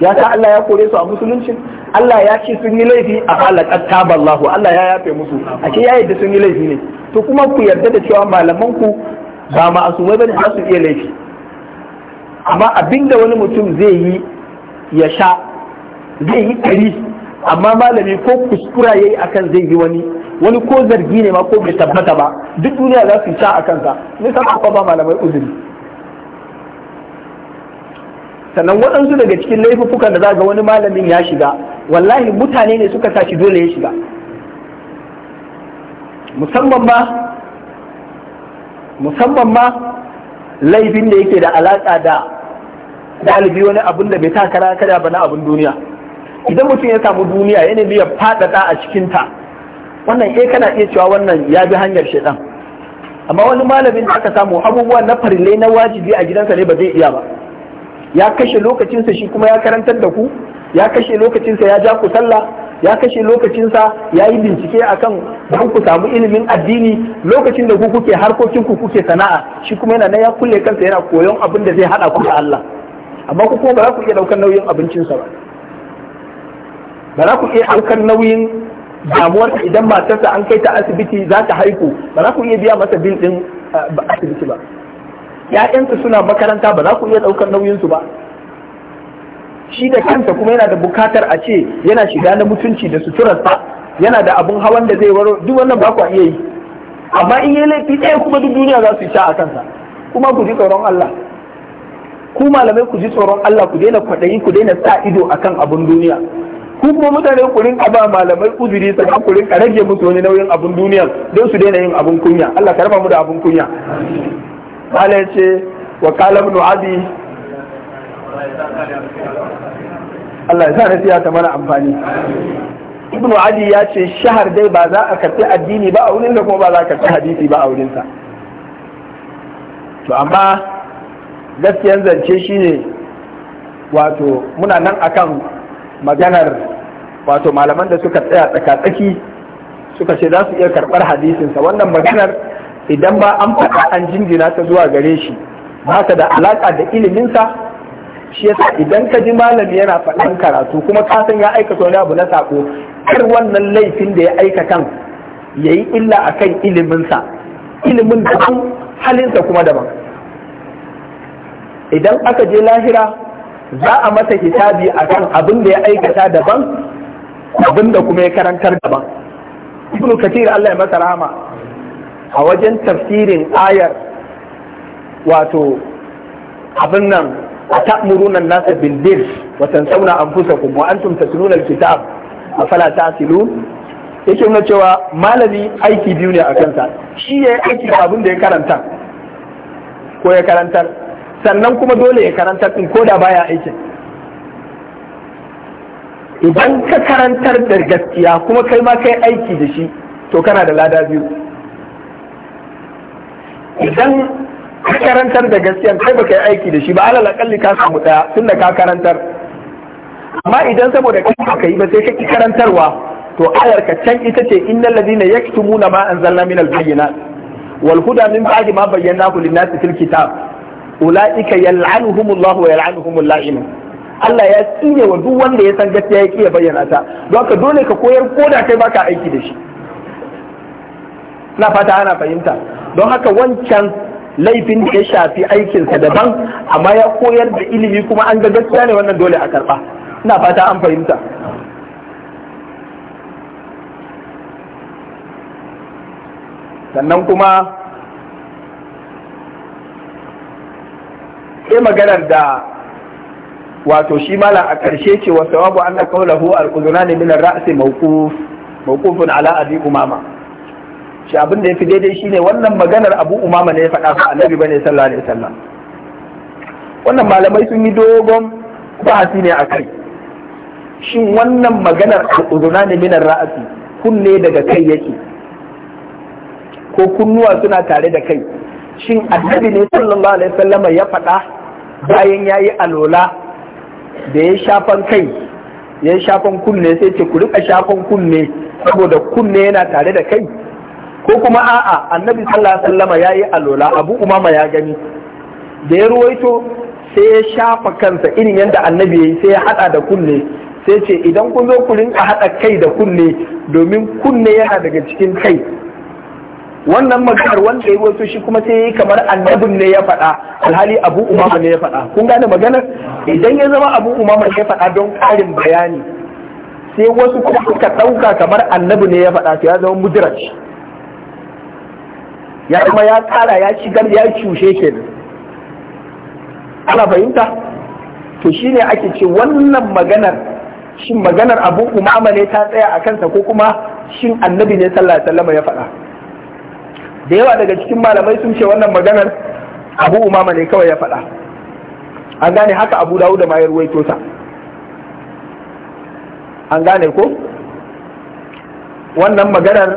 ya sa Allah ya kore su a musuluncin Allah ya ce sun yi laifi a halakat taballahu Allah ya yafe musu a ce ya yadda sun yi laifi ne to kuma ku yarda da cewa malaman ku ba ma'asumai bane za su iya laifi amma abinda wani mutum zai yi ya sha zai yi ɗari amma malami ko kuskura yayi akan zai yi wani wani ko zargi ne ma ko bai tabbata ba duk duniya za su sha a kansa ne sa ko ba malamai uzuri sannan waɗansu daga cikin laifukan da za ga wani malamin ya shiga wallahi mutane ne suka tashi dole ya shiga musamman ma musamman ma laifin da yake da alaƙa da ɗalibi wani abun da bai takara kada ba na abun duniya idan mutum ya samu duniya ya nemi ya faɗaɗa a cikinta wannan eh kana iya cewa wannan ya bi hanyar shaidan amma wani malamin da aka samu abubuwa na farillai na wajibi a gidansa ne ba zai iya ba ya kashe lokacinsa shi kuma ya karantar da ku ya kashe lokacinsa ya ja ku sallah ya kashe lokacinsa ya yi bincike akan don ku samu ilimin addini lokacin da ku kuke harkokin ku kuke sana'a shi kuma yana na ya kulle kansa yana koyon abin da zai hada ku da Allah amma ku kuma ba za ku iya daukar nauyin abincinsa ba ba za ku iya aukar nauyin damuwar idan matarsa an kai ta asibiti za ta haiku ba za ku iya biya masa bil ɗin eh, asibiti ba Ya'yansu suna makaranta ba za ku iya ɗaukar nauyinsu ba shi da kansa kuma yana da bukatar a ce yana shiga na mutunci da suturarsa yana da abun hawan da zai waro duk wannan ba ku iya yi amma in yi laifi ɗaya kuma duk duniya za su yi sha a kansa kuma ku ji tsoron Allah ku malamai ku ji tsoron Allah ku daina kwaɗayi ku daina sa ido akan abun duniya ku kuma mutane ku rinka ba malamai uzuri sannan ku rinka rage musu wani nauyin abun duniya don su daina yin abun kunya Allah ka raba mu da abun kunya Allah ce wa qala ibn abi Allah ya sa nasiha ta mana amfani ibn abi ya ce shahar dai ba za a karɓi addini ba a wurin da kuma ba za a karɓi hadisi ba a wurin sa to amma gaskiyan zance shine wato muna nan akan maganar wato malaman da suka tsaya tsakatsaki suka ce za su iya karɓar hadisinsa wannan maganar idan ba an faɗa an jinjina ta zuwa gare shi ba ka da alaƙa da iliminsa shi yasa idan ka ji malami yana faɗan karatu kuma kasan ya aikata wani abu na sako kar wannan laifin da ya aikatan ya yi illa a kan iliminsa ilimin daban halinsa kuma daban idan aka je lahira za a masa hisabi kan abin da ya aikata daban abin da kuma ya karantar daban ibnu kathir Allah ya masa rahama a wajen tafsirin ayar wato abin nan a ta'muruna nasa bil bir wa tansawna anfusakum wa antum tatluna al kitab afala ta'qilun yake nuna cewa malami aiki biyu ne a kansa shi ya aiki da abin da ya karanta ko ya karantar sannan kuma dole ya karantar din ko da baya aikin idan ka karantar da gaskiya kuma kai ma kai aiki da shi to kana da lada biyu idan ka karantar da gaskiya kai ba kai aiki da shi ba alal akalli ka samu daya tunda ka karantar amma idan saboda kai ka yi ba sai kake karantarwa to ayar ka can ita ce innal ladina yaktumuna ma anzalna min al-bayyinat wal huda min ba'di ma bayyanahu lin-nasi fil kitab ulaika yal'anuhumullahu wa yal'anuhumul lain Allah ya tsine wa duk wanda ya san gaskiya ya bayyana ta don ka dole ka koyar ko da kai baka aiki da shi na fata ana fahimta don haka wancan laifin da ya shafi aikinsa daban amma ya koyar da ilimi kuma an ga gaskiya ne wannan dole a karba na fata an fahimta sannan kuma sai maganar da wato shi malam a ƙarshe ce wa sawabu an qawluhu al-udunani min ar-ra's mawquf mawqufun ala abi umama shi abin da fi daidai shine wannan maganar abu umama ne ya faɗa ba annabi bane sallallahu alaihi wasallam wannan malamai sun yi dogon bahasi ne kai. shin wannan maganar al ne minar ar kunne daga kai yake ko kunnuwa suna tare da kai shin annabi ne sallallahu alaihi wasallam ya faɗa bayan ya yi alola da ya shafan kai ya shafan kunne sai ce ku rika shafan kunne saboda kunne yana tare da kai ko kuma a'a annabi sallallahu alaihi wasallama ya yi alola abu umama ya gani da ya ruwaito sai ya shafa kansa irin yadda annabi ya yi sai ya hada da kunne sai ce idan kun zo ku rinka hada kai da kunne domin kunne yana daga cikin kai wannan maganar wanda ya wato shi kuma sai yayi kamar annabin ne ya faɗa alhali abu umama ne ya faɗa kun gane maganar idan ya zama abu umama ne ya faɗa don ƙarin bayani sai wasu kuma suka ɗauka kamar annabi ne ya faɗa to ya zama mudraj ya kuma ya ƙara ya gar ya cushe kenan ana fahimta to shine ake ce wannan maganar shin maganar abu umama ne ta tsaya a kansa ko kuma shin annabi ne sallallahu alaihi ya faɗa da yawa daga cikin malamai sun ce wannan maganar abu umama ne kawai ya faɗa an gane haka abu dawo da mayar waito ta an gane ko wannan maganar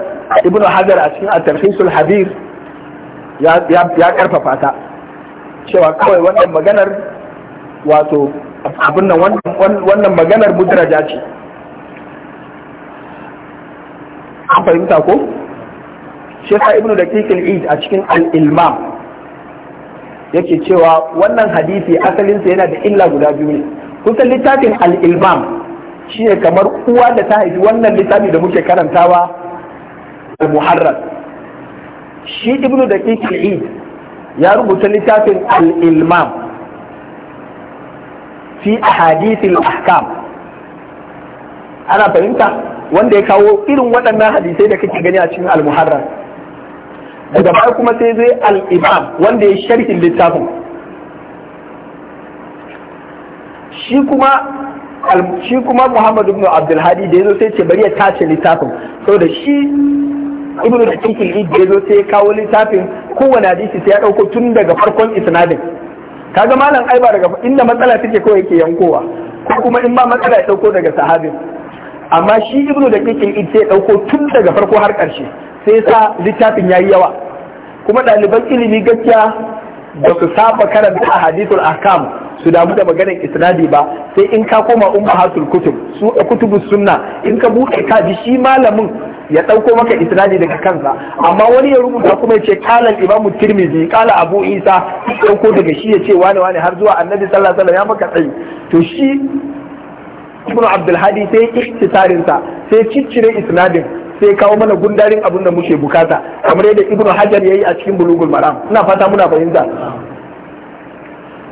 ibnu hajar a cikin at-tarhisul hadir ya karfafa ta cewa kawai wannan maganar wato abin nan wannan maganar mudraja ce an fahimta ko shi yasa ibnu daqiq id a cikin ilmam yake cewa wannan hadisi asalinsa yana da illa guda biyu ne kusan littafin al-ilmam shine kamar uwa da ta haifi wannan littafi da muke karantawa al-muharrar shi ibnu da al Id ya rubuta littafin al-ilmam fi ahadith al-ahkam ana fahimta wanda ya kawo irin waɗannan hadisai da kake gani a cikin al muharram daga baya kuma sai zai al wanda ya sharhin littafin shi kuma shi kuma Muhammad ibn Abdul Hadi da yazo sai ce bari ya tace littafin saboda shi ibn Dakikil Id da yazo sai ya kawo littafin kowane hadisi sai ya dauko tun daga farkon isnadin kaga malam ai ba daga inda matsala take kawai yake yankowa ko kuma in ba matsala ya dauko daga sahabin amma shi ibnu da kikin id sai dauko tun daga farko har karshe sai sa littafin ya yi yawa kuma ɗaliban ilimi gaskiya ba su saba karanta a hadithul ahkam su damu da maganar isnadi ba sai in ka koma ummahatul kutub su eh, kutubus sunna in ka buɗe ka ji shi malamin ya ɗauko maka isnadi daga kansa amma wani ya rubuta kuma ya ce kalan imamu tirmidhi kala abu isa ɗauko daga shi ya ce wane wane har zuwa annabi sallallahu alaihi wasallam ya maka tsayi to shi ibnu abdul hadi sai ya sai ciccire isnadin sai kawo mana gundarin abin da muke bukata kamar yadda ibn hajar yayi a cikin bulugul maram ina fata muna fahimta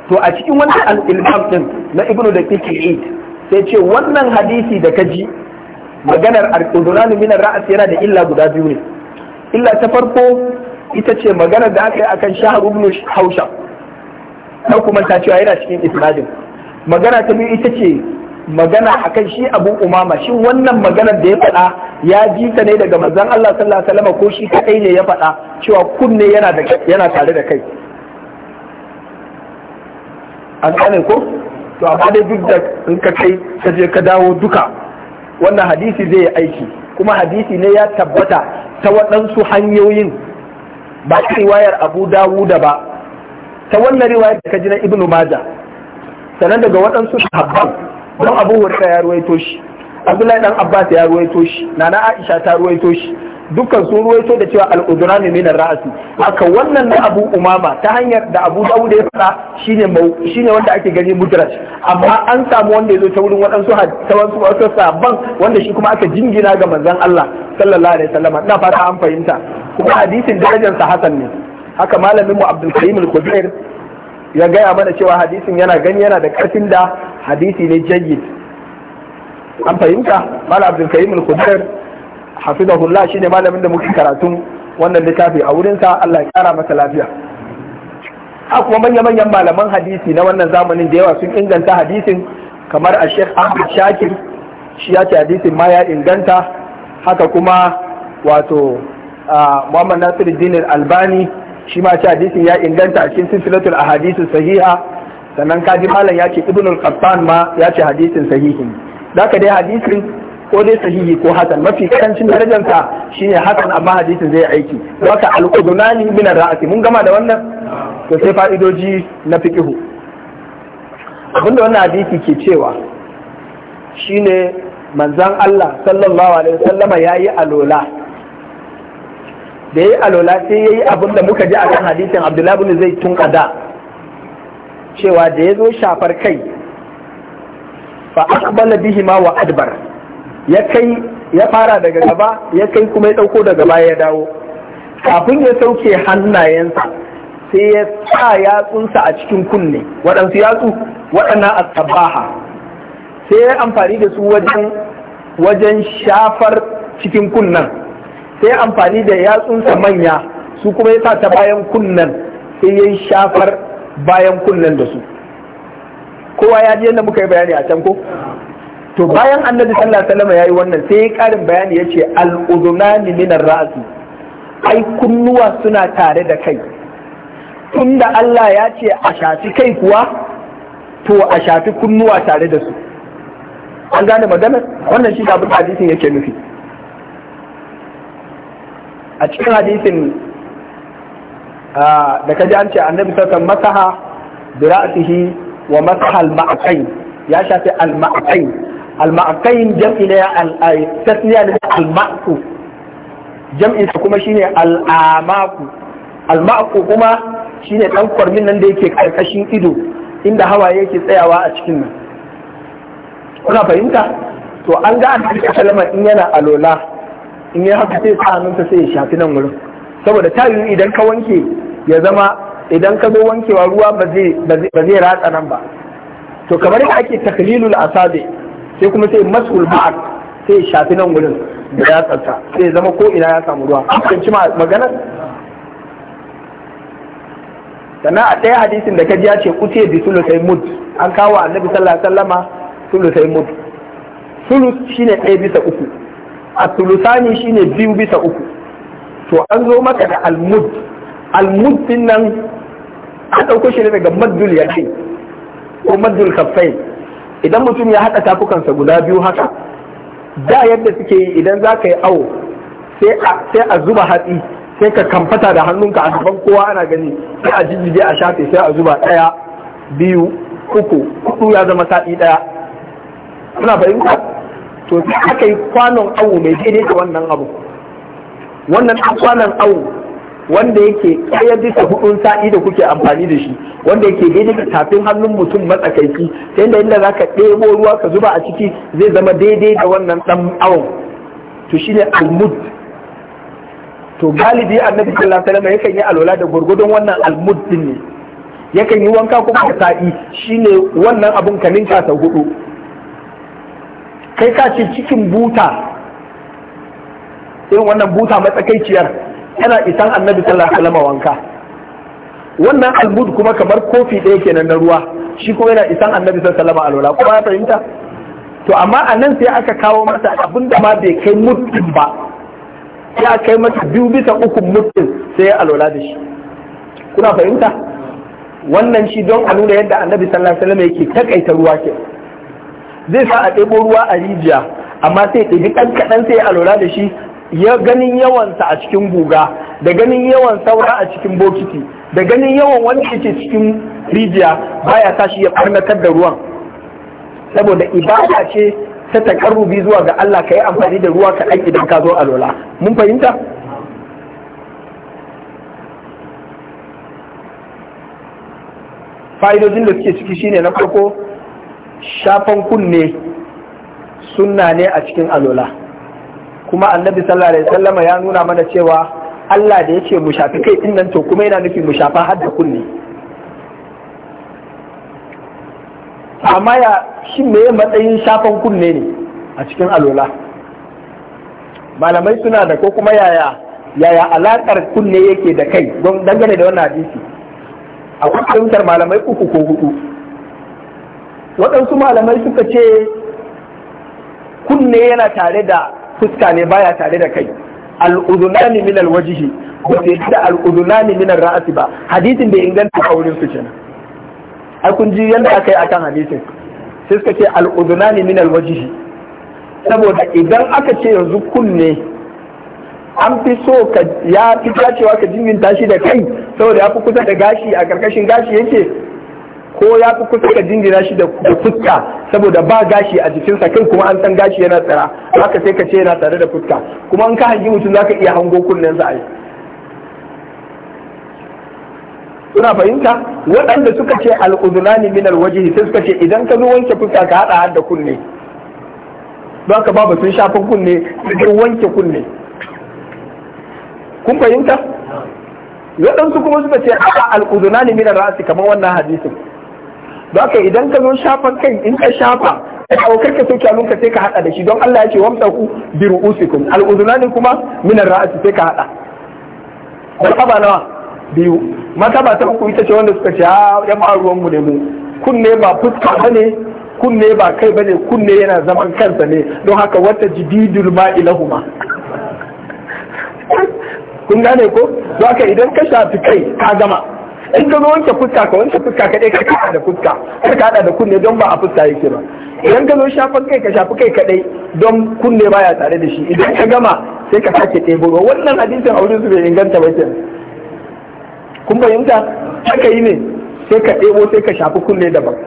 to a cikin wannan al-ilham din na ibn da kike sai ce wannan hadisi da kaji maganar al-qudran min ar-ra's yana da illa guda biyu ne illa ta farko ita ce maganar da aka yi akan shahar ibn hausha ta kuma ta cewa yana cikin isnadin magana ta biyu ita ce magana akan shi abu umama shin wannan maganar da ya faɗa ya ji ka ne daga manzon Allah sallallahu alaihi wasallam ko shi kadai ne ya faɗa cewa kunne yana da yana tare da kai an gane ko to amma dai duk da in ka kai ka je ka dawo duka wannan hadisi zai yi aiki kuma hadisi ne ya tabbata ta waɗansu hanyoyin ba riwayar Abu da ba ta wannan riwayar da ka ji na Ibn Majah sannan daga waɗansu sahabban don Abu Hurairah ya ruwaito shi abdullahi dan abbas ya ruwaito shi nana aisha ta ruwaito shi dukkan sun ruwaito da cewa al'udura ne na ra'asi haka wannan na abu umama ta hanyar da abu dawud ya faɗa shine wanda ake gani mudraj amma an samu wanda ya zo ta wurin waɗansu wasu sabon wanda shi kuma aka jingina ga manzon Allah sallallahu alaihi wasallam ina fata an fahimta kuma hadisin darajar sa hasan ne haka malamin mu Abdul Karim al ya gaya mana cewa hadisin yana gani yana da karfin da hadisi ne jayyid an fahimta mala abdul karim al-khudair hafizahullah shine malamin da muke karatun wannan littafi a wurin sa Allah ya kara masa lafiya a kuma manya manyan malaman hadisi na wannan zamanin da yawa sun inganta hadisin kamar a Sheikh Ahmad Shakir shi ya ce hadisin ma ya inganta haka kuma wato Muhammad Nasiruddin Al-Albani shi ma ce hadisin ya inganta a cikin silsilatul hadisin sahiha sannan kaji malam ya ce Ibn al ma ya ce hadisin sahihin da ka dai hadisin ko dai sahihi ko hasan mafi karancin darajarsa shine hasan amma hadisin zai aiki haka al-qudunani min ar-ra'si mun gama da wannan to sai fa'idoji na fiqhu abinda wannan hadisi ke cewa shine manzan Allah sallallahu alaihi wasallama yayi alola da yayi alola sai yayi abin da muka ji a kan hadisin Abdullah ibn Zaid tun kada cewa da ya zo shafar kai fa aqbala bihima wa adbar ya kai ya fara daga gaba ya kai kuma ya dauko daga baya ya dawo kafin ya sauke hannayensa sai ya sa yatsunsa a cikin kunne waɗansu yatsu waɗannan asabaha sai ya amfani da su wajen wajen shafar cikin kunnan. sai amfani da yatsunsa manya su kuma ya sa ta bayan kunnan sai ya shafar bayan kunnan da su kowa ya ji yadda muka yi bayani a can ko to bayan annabi sallallahu alaihi wasallam yayi wannan sai ya karin bayani yace al-udunani min ar ai kunnuwa suna tare da kai tunda Allah ya ce a shafi kai kuwa to a shafi kunnuwa tare da su an gane maganar wannan shi abin hadisin yake nufi a cikin hadisin ah, da kaji an ce annabi sallallahu alaihi wasallam masaha bi ra'sihi wa mashal ma'akai ya shafi al-ma'akai al-ma'akai jam'i ne tasniya ne al-ma'ku jam'in sa kuma shine al-amaku al-ma'ku kuma shine dan kwarmin nan da yake karkashin ido inda hawaye yake tsayawa a cikin nan kuna fahimta to an ga an sallallahu alaihi in yana alola in ya haka sai sa hannunsa sai ya shafi nan wurin saboda ta idan ka wanke ya zama idan ka zo wankewa ruwa ba zai ratsa nan ba to kamar yadda ake taklilul asabe sai kuma sai mas'ul ba'ad sai shafi nan wurin da ya tsatsa sai zama ko ina ya samu ruwa kun ci magana sannan a ɗaya hadisin da ka ji ya ce kuce bi sulusai mud an kawo annabi sallallahu alaihi wasallama sulusai mud sulus shine ɗaya bisa uku a sulusani shine biyu bisa uku to an zo maka da almud almud din nan an ɗauko shi ne daga maddul yaƙi ko maddul kafai idan mutum ya haɗa tafukansa guda biyu haka da yadda suke yi idan za ka yi awo sai a zuba hatsi sai ka kamfata da hannunka a gaban kowa ana gani sai a jijjige a shafe sai a zuba ɗaya biyu uku hudu ya zama sa'i ɗaya kuna fahimta to sai aka yi kwanon awo mai daidai da wannan abu wannan kwanon awo wanda yake ɗaya bisa hudun sa'i da kuke amfani da shi wanda yake daidai da tafin hannun mutum matsakaici ta yadda inda za ka ɗebo ruwa ka zuba a ciki zai zama daidai da wannan ɗan awon to shi ne almud to galibi annabi sallallahu alaihi wasallam yakan yi alwala da gurgudun wannan almud din ne yakan yi wanka kuma da sa'i shine wannan abun ka ninka sau hudu kai ka ce cikin buta irin wannan buta matsakaiciyar yana isan annabi sallallahu alaihi wasallam wanka wannan albud kuma kamar kofi ɗaya kenan na ruwa shi kuma yana isan annabi sallallahu alaihi wasallam alwala kuma ya fahimta to amma a nan sai aka kawo masa abin da ma bai kai mutum ba sai kai masa biyu bisa uku mutum sai ya alwala da shi kuna fahimta wannan shi don a nuna yadda annabi sallallahu alaihi wasallam yake takaita ruwa ke zai sa a ɗebo ruwa a rijiya amma sai ɗebi ɗan kaɗan sai ya alwala da shi ya ganin yawansa a cikin guga da ganin yawan saura a cikin bokiti da ganin yawan wani yake cikin rijiya baya tashi ya farnatar da ruwan saboda ibada ce ta takarrubi zuwa ga Allah ka yi amfani da ruwa ka ɗan idan ka zo a lola mun fahimta fa'idojin da suke ciki shine na farko shafan kunne sunna ne a cikin alola kuma annabi sallallahu alaihi wasallam ya nuna mana cewa Allah da yake mu shafi kai din nan to kuma yana nufin mu shafa har da kunne amma ya shi me matsayin shafan kunne ne a cikin alola malamai suna da ko kuma yaya yaya alakar kunne yake da kai don dangane da wannan hadisi akwai fahimtar malamai uku ko hudu waɗansu malamai suka ce kunne yana tare da fuska ne baya tare da kai al'udunani min alwajihi ba su yadda al'udunani min ra'asi ba hadisin bai inganta a wurin su kenan ai kun ji yadda aka yi akan hadisin sai suka ce al'udunani min alwajihi saboda idan aka ce yanzu kunne an fi so ka ya fi dacewa ka jinginta shi da kai saboda ya fi kusa da gashi a karkashin gashi yake ko ya fi kusa ka jingina shi da fuska saboda ba gashi a jikinsa kai kuma an san gashi yana tsara haka sai ka ce yana tsare da fuska kuma an ka hangi mutum zaka iya hango za a yi suna fahimta waɗanda suka ce al'udunani min alwajihi sai suka ce idan ka zo wanke fuska ka haɗa da kunne don ka ba batun shafin kunne sai wanke kunne kun fahimta waɗansu kuma suka ce a al'udunani min alwasi kamar wannan hadisin don idan ka zo shafan kai in ka shafa ka karka soke lunka sai ka hada da shi don Allah ya ce ku bi ru'usikum al'udunani kuma minar ra'asi sai ka hada martaba nawa biyu ba ta uku ita ce wanda suka ce a ah, yan ruwan mu ne mu kunne ba fuska bane kunne ba kai bane kunne yana zaman kansa ne don haka wata jididul ma ilahuma kun gane ko don haka idan ka shafi kai ka gama in ka zo wanke fuska ka wanke fuska ka dai ka kada da fuska ka hada da kunne don ba a fuska yake ba idan ka zo shafan kai ka shafi kai kadai don kunne baya tare da shi idan ka gama sai ka sake ɗebo wannan hadisin aure su bai inganta ba kenan kun fahimta haka yi ne sai ka ɗebo sai ka shafi kunne daban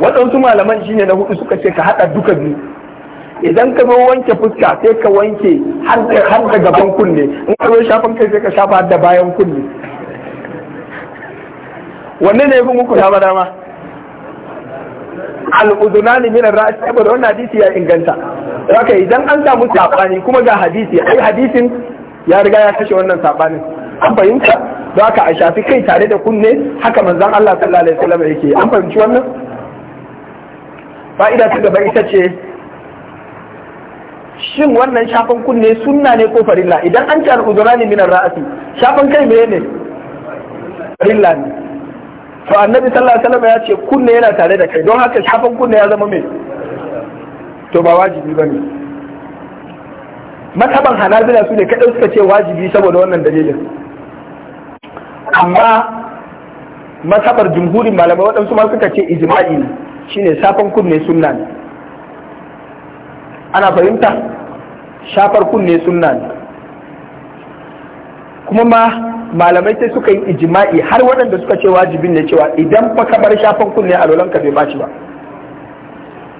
waɗansu malaman shine na hudu suka ce ka haɗa duka biyu idan ka zo wanke fuska sai ka wanke har da gaban kunne in ka zo shafan kai sai ka shafa har da bayan kunne wanne ne ya fi muku dama dama al'udunani min ra'as saboda wannan hadisi ya inganta haka idan an samu saɓani kuma ga hadisi ai hadisin ya riga ya kashe wannan saɓanin. an fahimta za haka a shafi kai tare da kunne haka manzan Allah sallallahu alaihi wasallam yake an fahimci wannan fa'ida ta gaba ita ce shin wannan shafan kunne sunna ne ko farilla idan an ce al'udunani min ra'asi shafan kai meye ne farilla ne to annabi sallallahu alaihi wasallam ya ce kunne yana tare da kai don haka shafan kunne ya zama mai to ba wajibi ba ne mataban hanabila su ne kaɗai suka ce wajibi saboda wannan dalilin amma matabar jumhurin malamai waɗansu ma suka ce ijma'i ne shine safan kunne sunna ne ana fahimta shafar kunne sunna ne kuma ma malamai sai suka yi ijima'i har waɗanda suka ce wajibin ne cewa idan fa ka bar shafan kunne alolan ka bai baci ba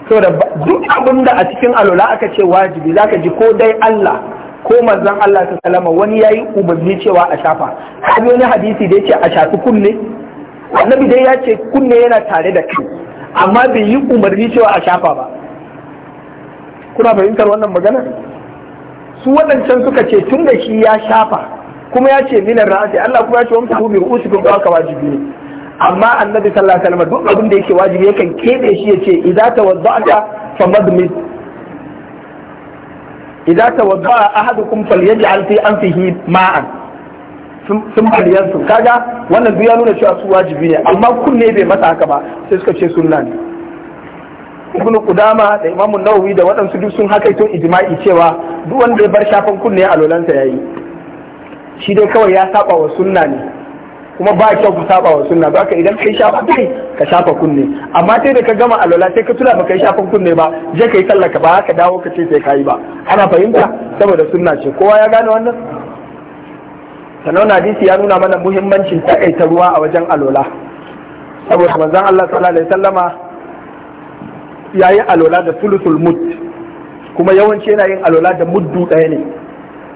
to da duk abin da a cikin alola aka ce wajibi zaka ji ko dai Allah ko manzon Allah ta salama wani yayi umarni cewa a shafa kabi wani hadisi da yace a shafi kunne annabi dai ya ce kunne yana tare da kai amma bai yi umarni cewa a shafa ba kuna fahimtar wannan magana su waɗancan suka ce tun da shi ya shafa kuma ya ce minar ra'asi Allah kuma ya ce wamsa kuma bi ru'usikum ba ka wajibi ne amma annabi sallallahu alaihi wasallam duk abin da yake wajibi yakan kebe shi yace idza tawadda'ta famadmid idza tawadda'a ahadukum falyaj'al fi ma'an sun kaga wannan duk ya nuna cewa su wajibi ne amma kunne bai masa haka ba sai suka ce sunna ne ibnu qudama da imamu nawawi da waɗansu duk sun hakaito ijma'i cewa duk wanda ya bar shafan kunne a lolansa yayi shi dai kawai ya saba wa sunna ne kuma ba kyau ku saba wa sunna ba ka idan kai shafa kai ka shafa kunne amma sai da ka gama alwala sai ka tula ba kai shafa kunne ba je kai sallar ka ba ka dawo ka ce sai kai ba ana fahimta saboda sunna ce kowa ya gane wannan sannan hadisi ya nuna mana muhimmancin takaita ruwa a wajen alwala saboda manzon Allah sallallahu alaihi wasallama yayi alwala da sulusul mut kuma yawanci yana yin alwala da muddu daya ne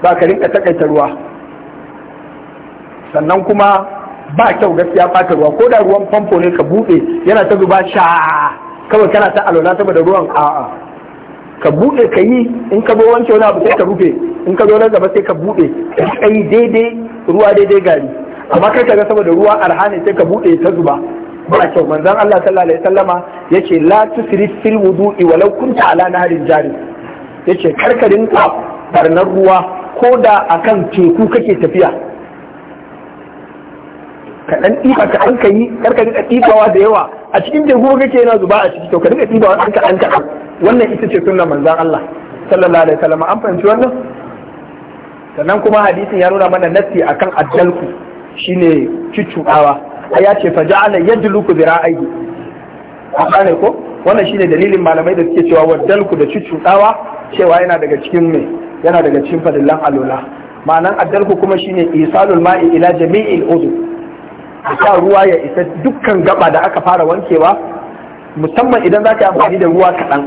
ba ka rinka takaita ruwa sannan kuma ba kyau gaskiya ɓata ruwa ko da ruwan famfo ne ka buɗe yana ta zuba sha kawai kana ta ta da ruwan a'a ka buɗe ka yi in ka zo wanke wani abu sai ka rufe in ka zo nan gaba sai ka buɗe ka yi daidai ruwa daidai gari amma kai ka saboda ruwa arha ne sai ka buɗe ta zuba ba kyau manzon Allah sallallahu alaihi wasallama yace la walau kunta ala naharin jari yace karkarin barnar ruwa ko da akan teku kake tafiya ka dan ɗiba ka ɗan ka yi kar ka rika da yawa a cikin teku kake yana zuba a ciki to ka rika ɗibawa ɗan ka ɗan wannan ita ce sunna manzan Allah sallallahu alaihi wasallam an fahimci wannan sannan kuma hadisin ya nuna mana nasi akan addalku shine cuccuɗawa a ya ce faja'ala yadluku bi aiki. a gane ko wannan shine dalilin malamai da suke cewa waddalku da cuccuɗawa cewa yana daga cikin me yana daga cikin fadillan alola ma'anan addalku kuma shine isalul ma'i ila jami'il udhu a sa ruwa ya isa dukkan gaba da aka fara wankewa musamman idan za ka yi amfani da ruwa kaɗan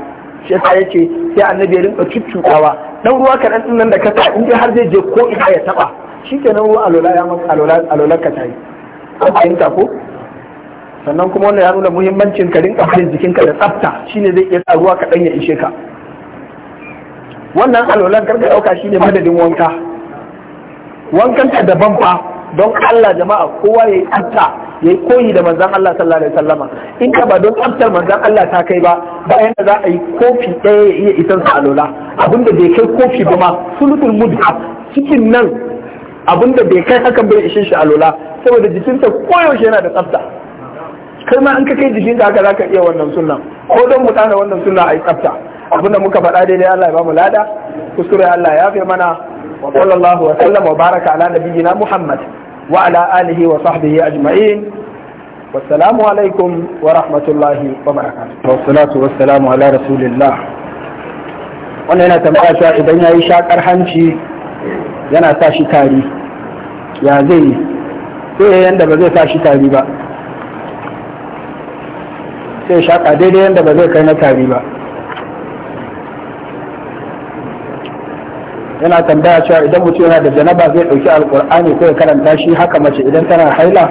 shi yasa ya ce sai annabi ya rinka cuccuɗawa dan ruwa kaɗan ɗin nan da ka sa in dai har zai je ko ina ya taɓa shi ke nan ruwa alola ya maka alola ka ta yi an fahimta ko sannan kuma wannan ya nuna muhimmancin ka rinka barin jikinka da tsafta shine zai iya sa ruwa kaɗan ya ishe ka wannan alolan karka ɗauka shine madadin wanka wankan ta daban fa don Allah jama'a kowa ya yi yayi ya yi koyi da manzan Allah sallallahu alaihi wasallama in ka ba don tsaftar manzan Allah ta kai ba bayan da za a yi kofi ɗaya ya iya isan sa alola abinda bai kai kofi ba ma sulutul mudhab cikin nan abinda bai kai hakan bai ishin shi alola saboda jikinsa koyaushe yana da tsafta kai ma in ka kai jikinka haka zaka iya wannan sunna ko don mu tsara wannan sunna a yi tsafta abinda muka faɗa daidai Allah ya ba mu lada kuskure Allah ya fi mana wa sallallahu wa sallam wa baraka ala nabiyyina Muhammad wa ala alihi wa sahbihi ajma'in wassalamu alaikum wa rahmatullahi wa barakatuh wassalatu wassalamu ala rasulillah wannan yana tambaya cewa idan yi shakar hanci yana sa shi tari ya zai yi sai yanda ba zai sa shi tari ba sai shaka daidai yanda ba zai kai na tari ba yana tambaya cewa idan mutum yana da janaba zai ɗauki alƙur'ani ko ya karanta shi haka mace idan tana haila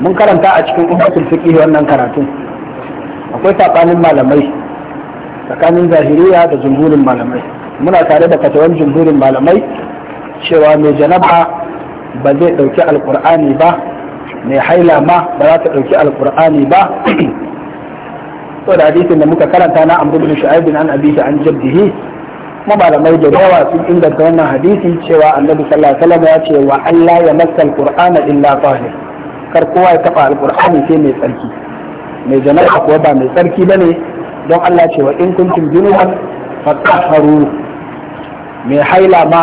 mun karanta a cikin ummatul fiqh wannan karatun akwai sabanin malamai tsakanin zahiriya da jumhurin malamai muna tare da fatawan jumhurin malamai cewa mai janaba ba zai ɗauki alƙur'ani ba mai haila ma ba za ta ɗauki alƙur'ani ba saboda hadisin da muka karanta na amru bin shu'aib an abihi an jaddihi kuma malamai da yawa sun inganta wannan hadisi cewa annabi sallallahu alaihi ya ce wa Allah ya massa alqur'ana illa tahir kar kowa ya taba alqur'ani sai mai tsarki mai jana'a kuwa ba mai tsarki bane don Allah ce wa in kuntum junuban fatahharu mai haila ma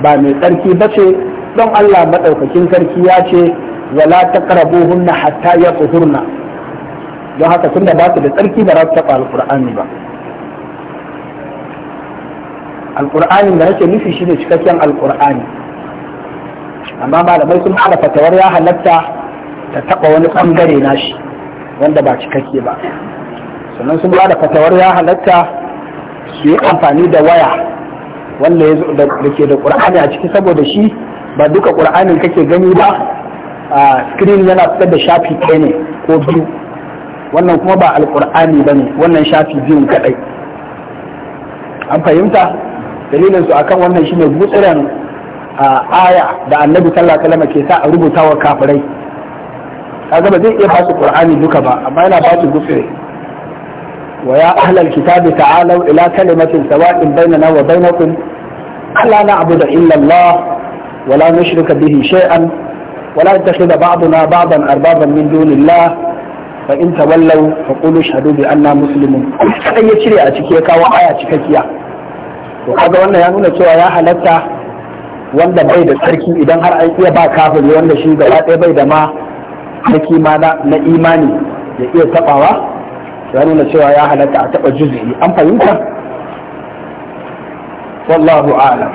ba mai tsarki ce. don Allah madaukakin sarki ya ce wala taqrabuhunna hatta yatahurna don haka tunda ba su da tsarki ba za su taba alqur'ani ba Alƙur'ani da nake nufi shine cikakken alƙur'ani amma malamai sun hada fatawar ya halatta ta taɓa wani ɓangare nashi wanda ba cikakke ba sannan sun bada fatawar ya halatta su yi amfani da waya wanda ya da ke da ƙur'ani a ciki saboda shi ba duka ƙur'anin kake gani ba a screen yana fitar da shafi ɗaya ne ko biyu wannan kuma ba alƙur'ani ba ne wannan shafi biyun kaɗai an fahimta dalilin su akan wannan shine gutsiran aya da annabi sallallahu alaihi wasallam ke sa a rubuta wa kafirai kaga ba zai iya ba su qur'ani duka ba amma yana ba su gutsire wa ya ahlal kitabi ta'alu ila kalimatin sawa'in bainana wa bainakum alla na'budu illa Allah wa la nushrika bihi shay'an wa la yattakhidha ba'duna ba'dan arbaban min dunillah fa in tawallau fa qulu shahadu bi anna muslimun sai ya cire a ya kawo aya cikakkiya to kaga wannan ya nuna cewa ya halatta wanda bai da sarki idan har an iya ba kafiri wanda shi gaba ɗaya bai da ma na kimana na imani ya iya tabawa ya nuna cewa ya halatta a taba juz'i an fahimta wallahu a'lam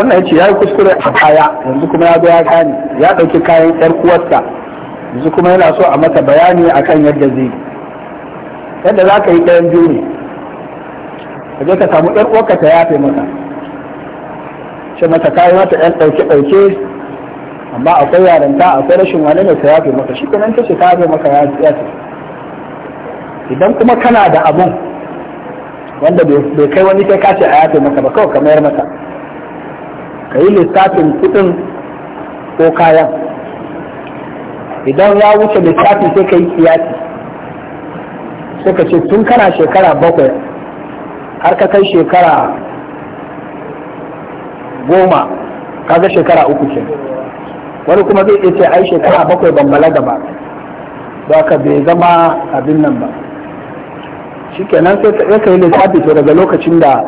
wannan yace yayi kuskure a baya yanzu kuma ya zo ya gane ya dauki kayan yar uwarsa yanzu kuma yana so a masa bayani akan yadda zai yadda za ka yi ɗayan biyu ne ka je ka samu ɗan uwarka ta yafe maka ce mata kayi mata ɗan ɗauke-ɗauke amma akwai yaranta akwai rashin wani ne ta yafe maka shi kenan ta ce ta yafe maka ya ce idan kuma kana da abun wanda bai kai wani kai kace a yafe maka ba kawai ka mayar mata ka yi lissafin kuɗin ko kayan idan ya wuce littafi sai ka yi siyasi, sai ka ce tun kana shekara bakwai har ka kai shekara goma kaga shekara uku ce wani kuma zai iya ce ai shekara bakwai ban balaga ba ba ka bai zama abin nan ba shikenan sai ka yi lissafi to daga lokacin da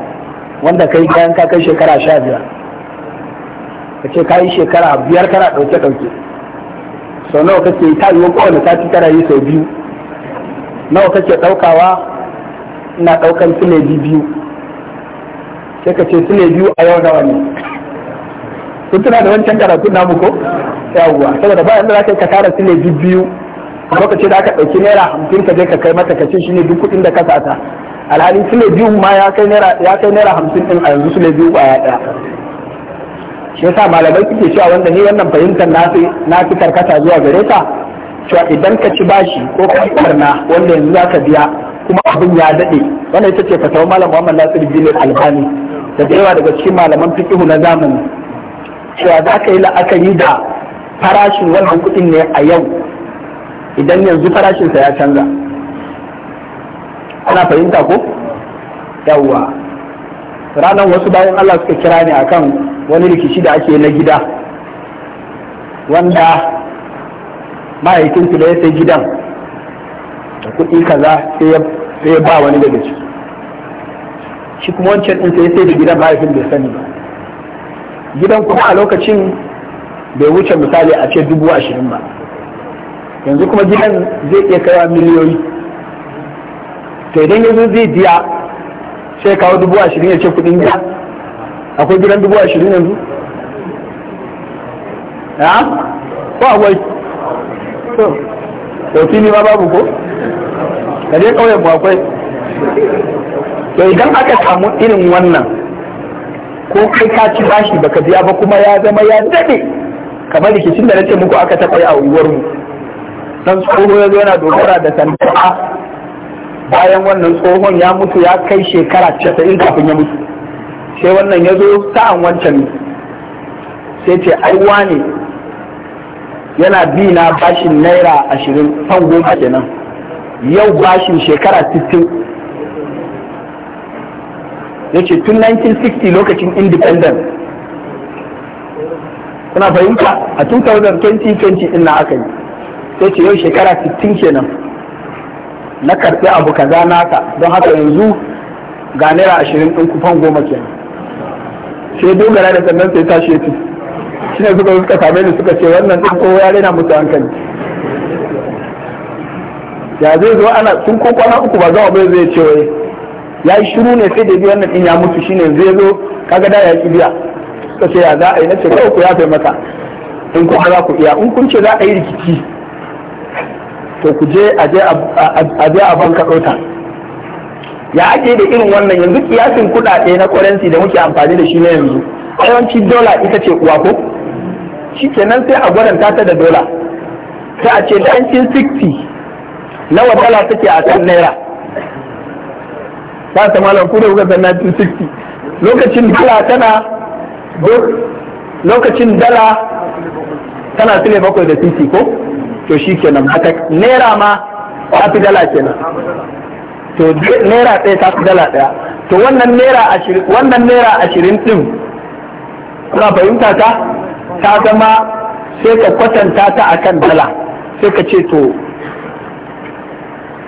wanda kai kayan ka kai shekara sha biyar ka ce ka yi shekara biyar kana ɗauke-ɗauke sau nawa kake ta yi kowane sati tara yi sau biyu nawa kake ɗaukawa ina ɗaukan sule biyu sai ka ce sule biyu a yau nawa ne kun tuna da wancan karatu namu ko yawwa saboda bayan da zaka ka tara sule biyu lokaci da aka ɗauki naira hamsin ka je ka kai mata ka ce ne duk kuɗin da ka sata alhali sule biyu ma ya kai naira hamsin ɗin a yanzu sule biyu ba ya daya shi yasa malamai suke cewa wanda ni wannan fahimtar na fi karkata zuwa gare ta cewa idan ka ci bashi ko ka ci barna wanda yanzu za ka biya kuma abin ya daɗe wannan ita ce fatawar malam Muhammad Nasir bin Albani da da yawa daga cikin malaman fiqh na zamani cewa za ka yi la'akari da farashin wannan kuɗin ne a yau idan yanzu farashinsa ya canza ana fahimta ko yawwa ranar wasu bayan Allah suka kira ne akan wani rikici da ake na gida wanda ma'aikinsu da ya sai gidan da kuɗi kaza sai ya ba wani daga ciki shi kuma wancan ɗin sai sai da gidan mahaifin bai sani ba gidan kuma a lokacin bai wuce misali a ce dubu ashirin ba yanzu kuma gidan zai iya kaiwa miliyoyi to idan yanzu zai biya sai kawo dubu ashirin ya ce kuɗin gida akwai gidan dubu ashirin yanzu ya ko akwai to fili ma babu ko ka je kauyen mu akwai to idan aka samu irin wannan ko kai ka ci bashi baka biya ba kuma ya zama ya daɗe kamar rikicin da nace muku aka taɓa yi a unguwarmu. mu dan tsoho ya zo yana dogara da sanda bayan wannan tsohon ya mutu ya kai shekara 90 kafin ya mutu sai wannan ya zo sa'an wancan sai ce ai wane yana bi na bashin naira ashirin fan goma kenan yau bashin shekara sittin ya ce tun 1960 lokacin independent kuna fahimta a 2020 ina aka yi sai ce yau shekara 60 kenan na karɓi abu kaza naka don haka yanzu ga naira ashirin ɗin kufan goma kenan sai dogara da sannan sai tashi ya shi ne suka suka same ni suka ce wannan din kowa ya rena musu hankali ya zai zo ana sun ko kwana uku ba zama bai zai ce wai ya yi shiru ne sai da biyu wannan din ya mutu shine zai zo kaga da ya ki biya suka ce ya za a yi na ce kawai ku ya fai mata in kuma za ku iya in kun ce za a yi rikici to ku je a je a banka ɗauta ya ake da irin wannan yanzu kiyasin kuɗaɗe na currency da muke amfani da shi na yanzu yawancin dola ita ce uwa ko shi kenan sai a gwadanta ta da dola sai a ce 1960 nawa dola take a kan naira ba ta malam ku kuka san 1960 lokacin dala tana lokacin dala tana tile bakwai da titi ko to shi kenan haka naira ma ta fi dala kenan to naira ɗaya ta fi dala ɗaya to wannan naira ashirin wannan naira ashirin ɗin kuna fahimta ta ta zama sai ka kwatanta ta akan dala sai ka ce to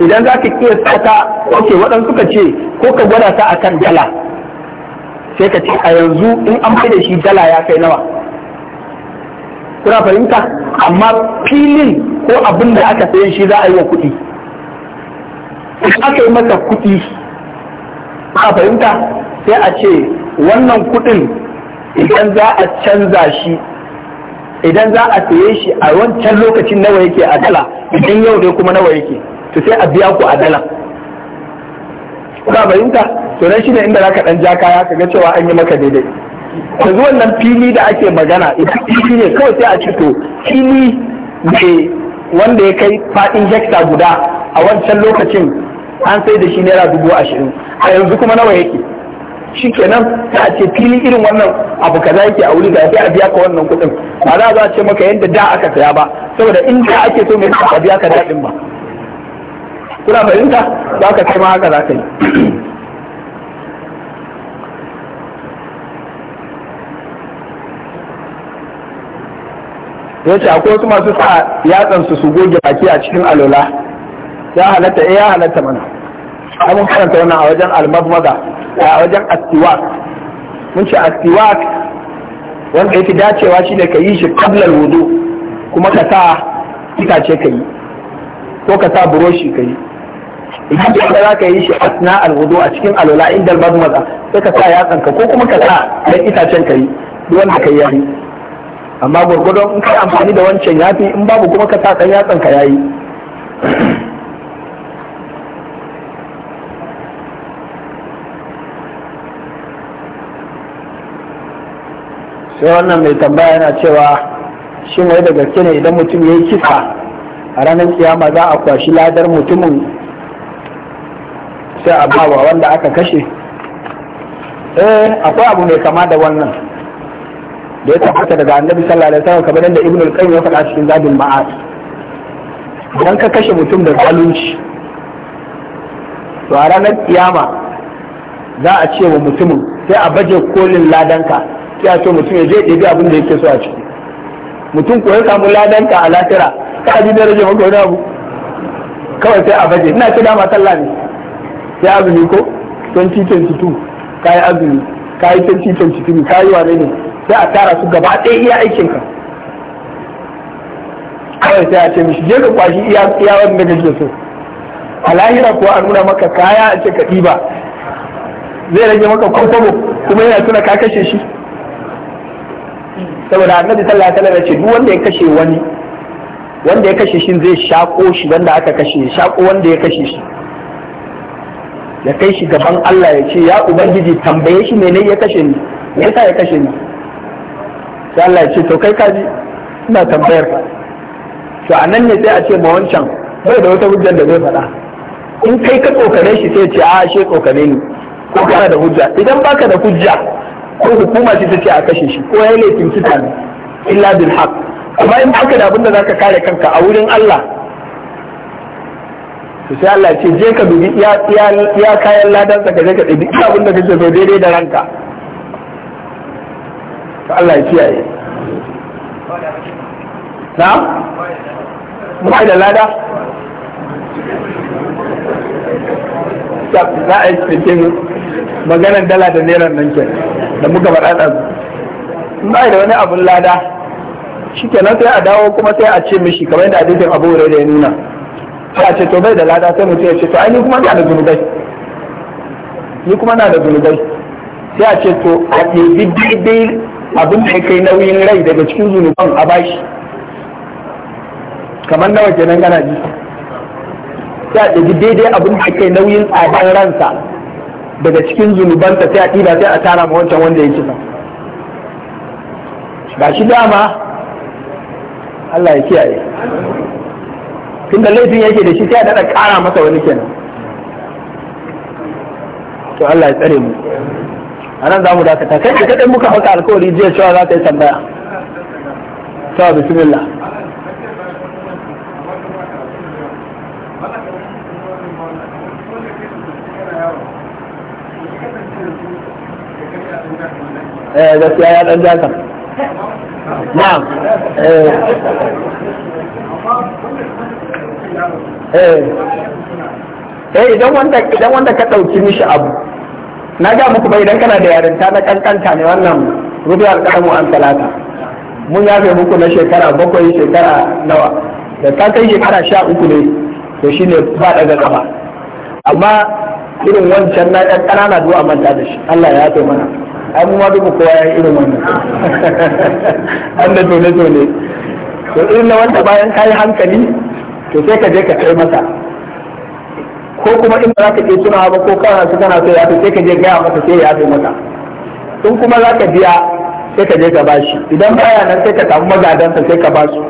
idan za ka kiyasta ta ok waɗansu suka ce ko ka gwada ta akan dala sai ka ce a yanzu in an fi da shi dala ya kai nawa kuna fahimta amma filin ko abin da aka sayan shi za a yi wa kuɗi in aka yi masa kuɗi a fahimta sai a ce wannan kuɗin idan za a canza shi idan za a saye shi a wancan lokacin nawa yake a dala idan yau ne kuma nawa yake to sai a biya ku a dala ka fahimta to nan shine inda zaka dan ja kaya kaga cewa an yi maka daidai yanzu wannan fili da ake magana idan fili ne kawai sai a ce to fili ne wanda ya kai fadin hekta guda a wancan lokacin an sai da shi naira dubu ashirin a yanzu kuma nawa yake shi kenan ta ce fili irin wannan abu kaza yake a wuri ga sai a biya ka wannan kuɗin ba za a za a ce maka yadda da aka saya ba saboda in da ake so mai a biya ka daɗin ba kuna fahimta za ka kai ma haka za ka yi ya ce akwai wasu masu sa yatsansu su goge baki a cikin alola ya halatta eh, ya halatta mana abun karanta wannan a wajen almazmaza a wajen astiwak mun ce astiwak wanda yake dacewa shine ka yi shi qabla wudu kuma ka sa itace ka yi ko ka sa buroshi ka yi idan ka za ka yi shi asna alwudu a cikin alwala inda almazmaza sai ka sa yatsanka ko kuma ka sa dan itacen ka yi wanda ka yi amma gurgudon in kai amfani da wancan yafi in babu kuma ka sa dan yatsanka yayi sai wannan mai tambaya yana cewa shi mai da gaske ne idan mutum ya yi kisa a ranar kiyama za a kwashi ladar mutumin sai a bawa wanda aka kashe eh akwai abu mai kama da wannan da ya tabbata daga annabi sallallahu alaihi wasallam kamar da ibnu al-qayyim ya faɗa cikin zabin ma'ad idan ka kashe mutum da zalunci to a ranar kiyama za a ce wa mutumin sai a baje kolin ladanka ya a mutum ya je bi abin da yake so a ciki mutum ko ya samu ladanka a lafira ka ji rage maka wani abu kawai sai a baje ina ce dama sallah ne sai azumi ko 2022 ka yi azumi ka yi 2023 ka yi wane ne sai a tara su gaba ɗaya iya aikinka kawai sai a ce mishi je ka kwashi iya iya wanda kake so a lahira kuwa an nuna maka kaya a ce ka ɗiba zai rage maka kwakwabo kuma yana tuna ka kashe shi saboda annabi sallallahu alaihi wasallam ya ce duk wanda ya kashe wani wanda ya kashe shi zai shako shi wanda aka kashe shako wanda ya kashe shi ya kai shi gaban Allah ya ce ya ubangiji tambaye shi menene ya kashe ni me yasa ya kashe ni sai Allah ya ce to kai kaji ina tambayar ka to anan ne sai a ce ma wancan bai da wata hujja da zai faɗa in kai ka tsokane shi sai ce a she tsokane ni ko kana da hujja idan baka da hujja ko hukuma ce ta ce a kashe shi ko ya laifin kita ne illa bil haq amma in aka da abin da zaka kare kanka a wurin Allah to sai Allah ce je ka dubi iya kayan ladan ka je ka dubi iya abin da kake so daidai da ranka to Allah ya kiyaye na mu da lada za a yi cikin maganar dala da naira nan kenan da muka faɗa ɗan ba da wani abun lada shi kenan sai a dawo kuma sai a ce mishi kamar yadda hadisin abu da ya nuna sai a ce to bai da lada sai mutum ya ce to ai ni kuma na da zunubai ni kuma na da zunubai sai a ce to a ɗebi daidai abin da ya kai nauyin rai daga cikin zunuban a bashi kamar nawa kenan gana ji sai a ɗebi daidai abin da ya kai nauyin tsadan ransa daga cikin zunubanta sai a ɗiba sai a tara ma wancan wanda ya kisa ga shi dama Allah ya kiyaye tun da laifin yake da shi sai a daɗa ƙara masa wani kenan to Allah ya tsare mu a nan za mu dakata kai da kaɗai muka hauka alkawari jiya cewa za ka yi tambaya sawa bismillah eh gaskiya ya dan jaka na. Eh. eh eh idan wanda idan wanda ka dauki mishi abu na ga muku bai idan kana da yarinta na kankanta ne wannan rubiyar karamu an talata mun yafe muku na shekara bakwai shekara nawa da ta kai shekara sha uku ne to shi ne ba daga gaba amma irin wancan na ƙanana duwa manta da shi Allah ya taimaka. mana amma mu ma duka kowa ya yi irin wannan an da tone tone to irin na wanda bayan ka yi hankali to sai ka je ka kai masa ko kuma in ba za ka iya suna ba ko kana su kana so ya fi sai ka je gaya masa sai ya fi masa in kuma za ka biya sai ka je ka bashi idan baya nan sai ka samu magadansa sai ka basu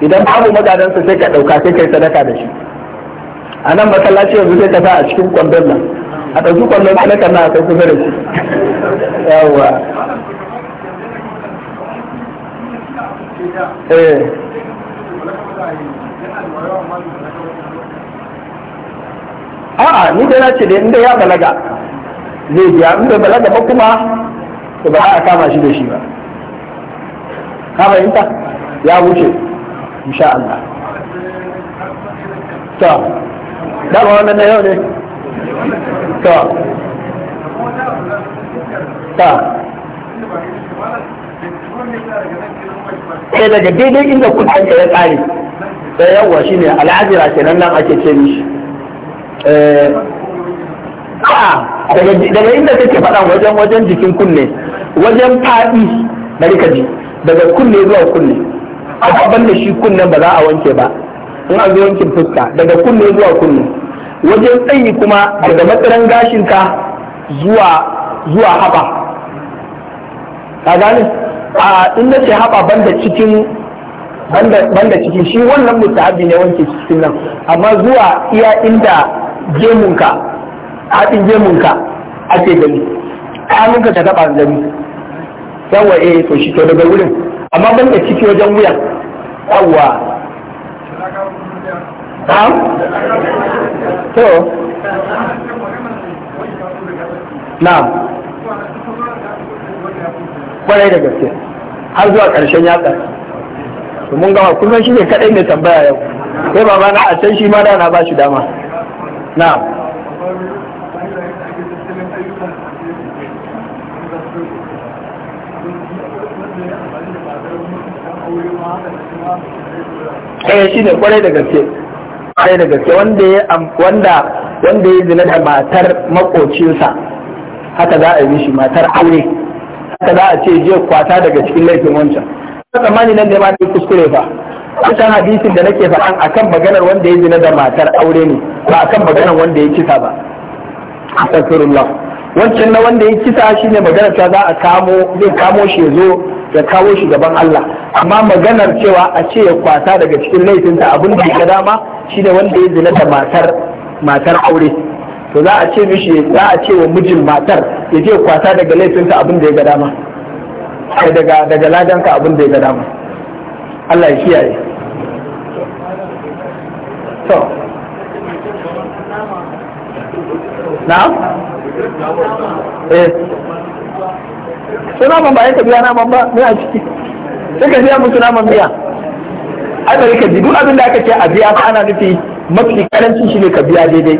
idan babu magadansa sai ka ɗauka sai ka yi sadaka da shi a nan masallaci yanzu sai ka sa a cikin kwandon nan a ɗauki kwallon talaka na a kai kusa da shi yawwa eh a'a ni da na ce da inda ya balaga zai biya in bai balaga ba kuma to ba a kama shi da shi ba ka fahimta ya wuce insha Allah to ba wannan na yau ne ta sai daga daidai inda kudin ya tsari, sai shi ne al'ajira kenan nan ake ce mishi eh, daga inda kake faɗa wajen wajen jikin kunne wajen faɗi bari ka ji daga kunne zuwa kunne a da shi kunnen ba za a wanke ba in an zo wankin fuska daga kunne zuwa kunne wajen tsayi kuma daga matsaran gashinka zuwa zuwa haɓa ka ne? a in na ce haɓa banda cikin banda cikin shi wannan mustahabi ne wanke cikin nan amma zuwa iya inda gemunka haɗin gemunka ake gani hannunka ta taɓa gani yawa eh to shi to daga wurin amma banda ciki wajen wuya yawa to na'am kwarai da gaske har zuwa ƙarshen yatsa to mun gama kullum shi ne kaɗai mai tambaya yau sai ba na a can shi ma da na ba shi dama na'am eh shi ne kwarai da gaske sai da gaske wanda ya wanda wanda ya zina da matar makocinsa haka za a yi shi matar aure haka za a ce je kwata daga cikin laifin wancan tsammani nan da ma ne kuskure fa wancan hadisin da nake faɗan akan maganar wanda ya zina da matar aure ne ba akan maganar wanda ya kisa ba astaghfirullah wancan na wanda ya kisa shine maganar ta za a kamo zai kamo shi zo ya kawo shi gaban Allah amma maganar cewa a ce ya kwasa daga cikin laifinta abin da ya dama ne wanda ya zina da matar matar aure to za a ce mishi za a ce wa mijin matar ya je kwasa daga laifinta abin da ya ga dama daga daga ladanka abin da ya ga dama Allah ya kiyaye to na'am eh so naman ba ya ka biya naman ba mai a ciki sai ka biya musu naman biya azari ka ji duk abin da aka ce a biya fa ana nufi mafi karancin shi ne ka biya daidai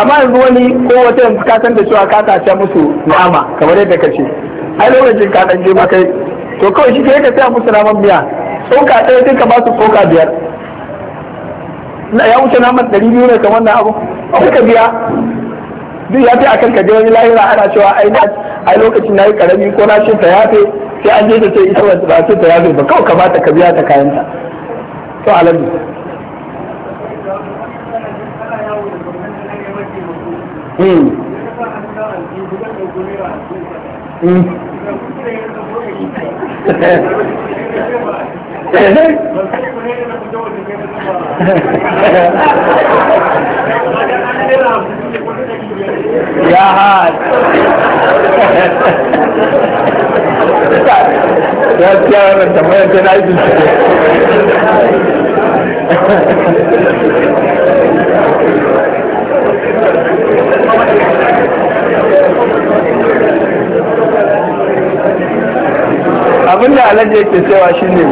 amma yanzu wani ko wata yanzu ka san da cewa ka sace musu nama kamar yadda ka ce ai lokacin ka dan je kai to kawai shi kai ka tsaya musu naman biya tsoka ɗaya sai ka ba su tsoka biyar ya wuce naman ɗari biyu ne kamar wannan abu sai ka biya duk ya fi akan ka je wani lahira ana cewa ai na ai lokacin na yi karami ko na ce ta yafe sai an je ta ce ita ba ce ta yafe ba kawai kamata ka biya ta kayanta to alabi hmm. hmm. [laughs] ya hal ya tsaya wannan tambayar ta na izin shi abinda alhaji yake cewa shine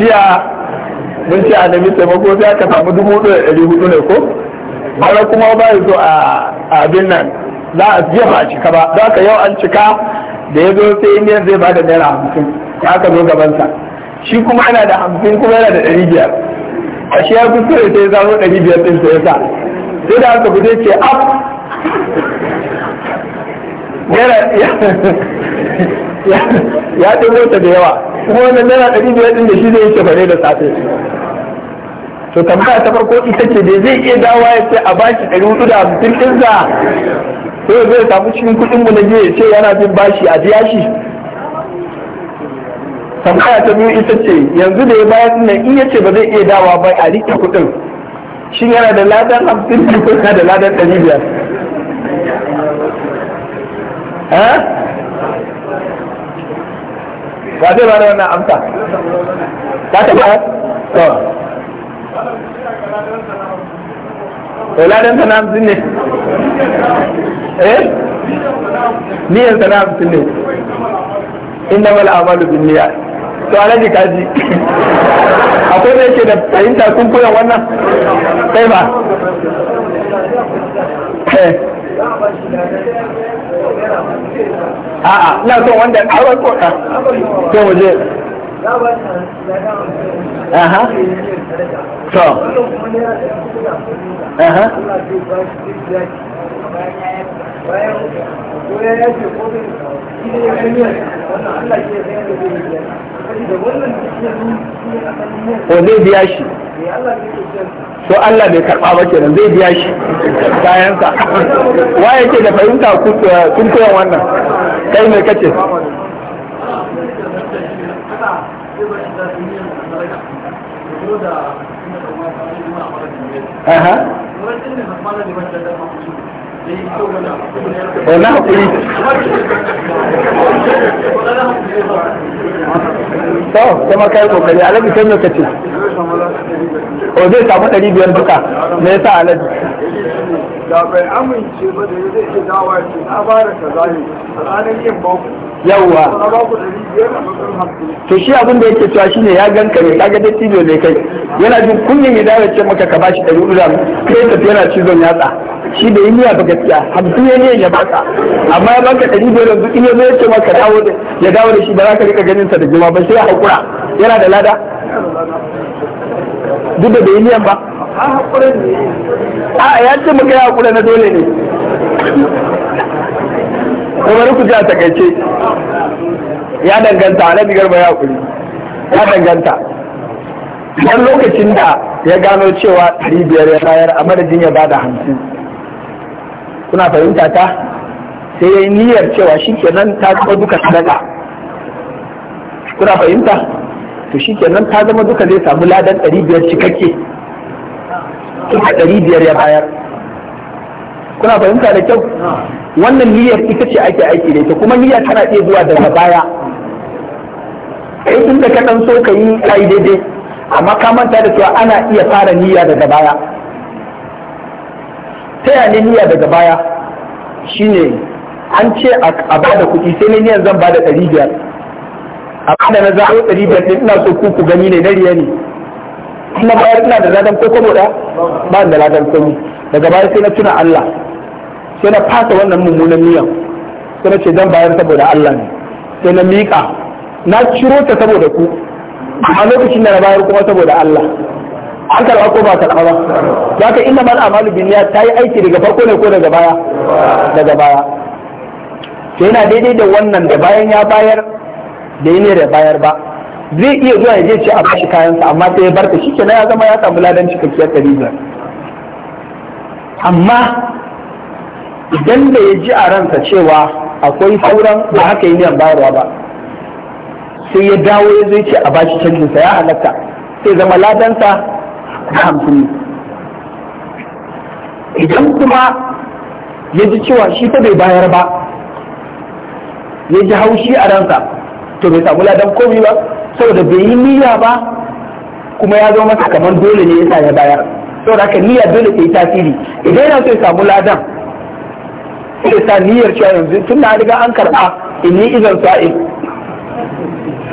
jiya mun ce a nemi taimako sai aka samu dubu hudu da ɗari hudu ne ko bara kuma ba ya zo a abin nan za a jiya ba a cika ba za ka yau an cika da ya zo sai indiyan zai ba da naira hamsin ya aka zo gabansa shi kuma ana da hamsin kuma yana da ɗari biyar a shi ya kuskure sai ya zaro ɗari biyar ɗin sai ya sa sai da aka fito ce af ya ɗago da yawa kuma wannan naira ɗari biyar ɗin da shi zai yi shafare da safe to tambaya ta farko ita ce da zai iya dawa ya ce a bashi ɗari hudu da hamsin ɗin ɗinsa ko zai samu cikin kuɗin mu na biyu ya ce yana bin bashi a biya shi tambaya ta biyu ita ce yanzu da ya bayar nan in ya ce ba zai iya dawa ba a riƙe kuɗin shin yana da ladan hamsin ne ko yana da ladan ɗari biyar ba zai ba da wannan amsa ba ta ba Eh, ladan sana hamsin ne eh niyan sana hamsin ne inda mala amalu bin niyya to alaji kaji [coughs] akwai da yake da fahimta sun koyan wannan kai ba eh. a'a ina son wanda kawai koda to mu je aha to aha O zai biya shi to Allah bai karɓa ba kenan zai biya shi bayansa waye ke da fahimta kun koyan wannan kai mai kace na haƙuri to kuma kai kokari alabi kan lokaci o zai samu ɗari biyar duka me yasa alabi da bai amince ba da yadda zai dawa ce na ba da kaza ne a ranar yin bauku yawwa to shi abin da yake cewa shine ya ganka ne kaga dai cizo ne kai yana jin kunyin ya dawo ce maka ka bashi ɗari uda kai tafi yana cizon yatsa shi da yi niyya ba gaskiya hamsin ya ne ya baka amma ya baka ɗari biyar yanzu in ya zo ya ce maka dawo da ya dawo da shi ba za ka rika ganin sa da jima ba sai ya haƙura yana da lada duk da bai yi miyan ba a ya ce muka yi hakuri na dole ne kamar ku ja takaice ya danganta annabi garba ya hakuri ya danganta wani lokacin da ya gano cewa ɗari biyar ya bayar a madadin ya bada hamsin kuna fahimta ta sai ya yi niyyar cewa shi kenan ta zama duka sadaka kuna fahimta to shi kenan ta zama duka zai samu ladan ɗari biyar cikakke ita ɗari biyar ya bayar kuna fahimta da kyau wannan niyyar ita ce ake aiki da ita kuma niyya tana iya zuwa daga baya kai tun da ka ɗan so ka yi daidai amma ka manta da cewa ana iya fara niyya daga baya ta yaya niyya daga baya shine an ce a bada kuɗi sai ne niyyar zan bada ɗari biyar a bada na yi ɗari biyar ɗin ina so ku ku gani ne na riya ne kuma bayar ina da ladan ko kobo da ba da ladan komi daga baya sai na tuna Allah sai na fasa wannan mummunan miyan sai na ce zan bayar saboda Allah ne sai na miƙa na ciro ta saboda ku a lokacin da na bayar kuma saboda Allah an karɓa ko ba karɓa ba za ka inna man amalu biniya ta yi aiki daga farko ne ko daga baya daga baya sai yana daidai da wannan da bayan ya bayar da yi ne da bayar ba zai iya zuwa ya je ce a bashi kayansa amma sai ya barka shi kenan ya zama ya samu ladan cikakkiyar ɗari biyar amma idan da ya ji a ransa cewa akwai sauran ba haka yi niyan bayarwa ba sai ya dawo ya zai ce a bashi canjinsa ya halatta sai zama ladansa na hamsin idan kuma ya ji cewa shi ta bai bayar ba ya ji haushi a ransa to bai samu ladan komi ba saboda bai yi niyya ba kuma ya zo masa kamar dole ne yasa ya bayar saboda haka niyya dole ta yi tasiri idan yana so ya samu ladan sai sa niyyar cewa yanzu tun da riga an karɓa in yi izan sa'in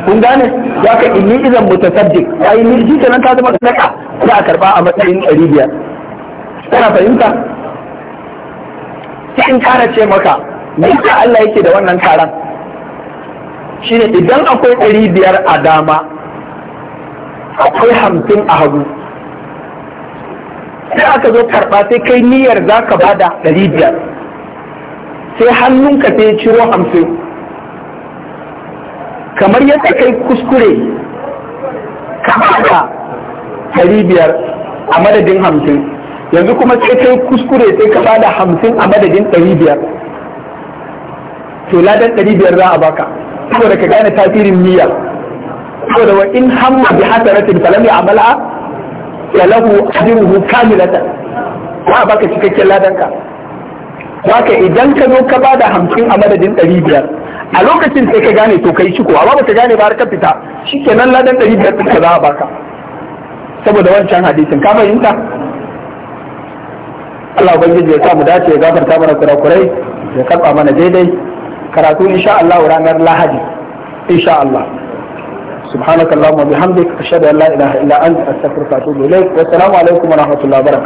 kun gane ya ka yi izan mutasaddiq ya yi mirji nan ta zama sadaka za a karɓa a matsayin ɗari biyar kana fahimta sai in kara ce maka me yasa Allah yake da wannan karan shine idan akwai ɗari biyar a dama akwai hamsin a hagu sai aka zo karɓa sai kai niyyar za ka ba da ɗari biyar sai hannunka sai ciro hamsin kamar yadda kai kuskure ka ba da ɗari biyar a madadin hamsin yanzu kuma sai kai kuskure sai ka ba da hamsin a madadin ɗari biyar to ladan ɗari biyar za a baka saboda ka gane tasirin niyya saboda wa in hamma bi hasaratin falam ya lahu ajruhu kamilatan ba baka cikakken ladanka baka idan ka zo ka bada hamsin a madadin ɗari biyar a lokacin sai ka gane to kai ciko amma baka gane ba har ka fita shikenan ladan ɗari biyar ɗin ka za a baka saboda wancan hadisin ka fahimta Allah ubangiji ya sa mu dace ya gafarta mana kurakurai ya karɓa mana daidai karatu insha Allah ranar Lahadi insha Allah subhanakallahumma bihamdika ashhadu an la ilaha illa anta astaghfiruka wa atubu ilaik wa assalamu alaikum wa rahmatullahi wa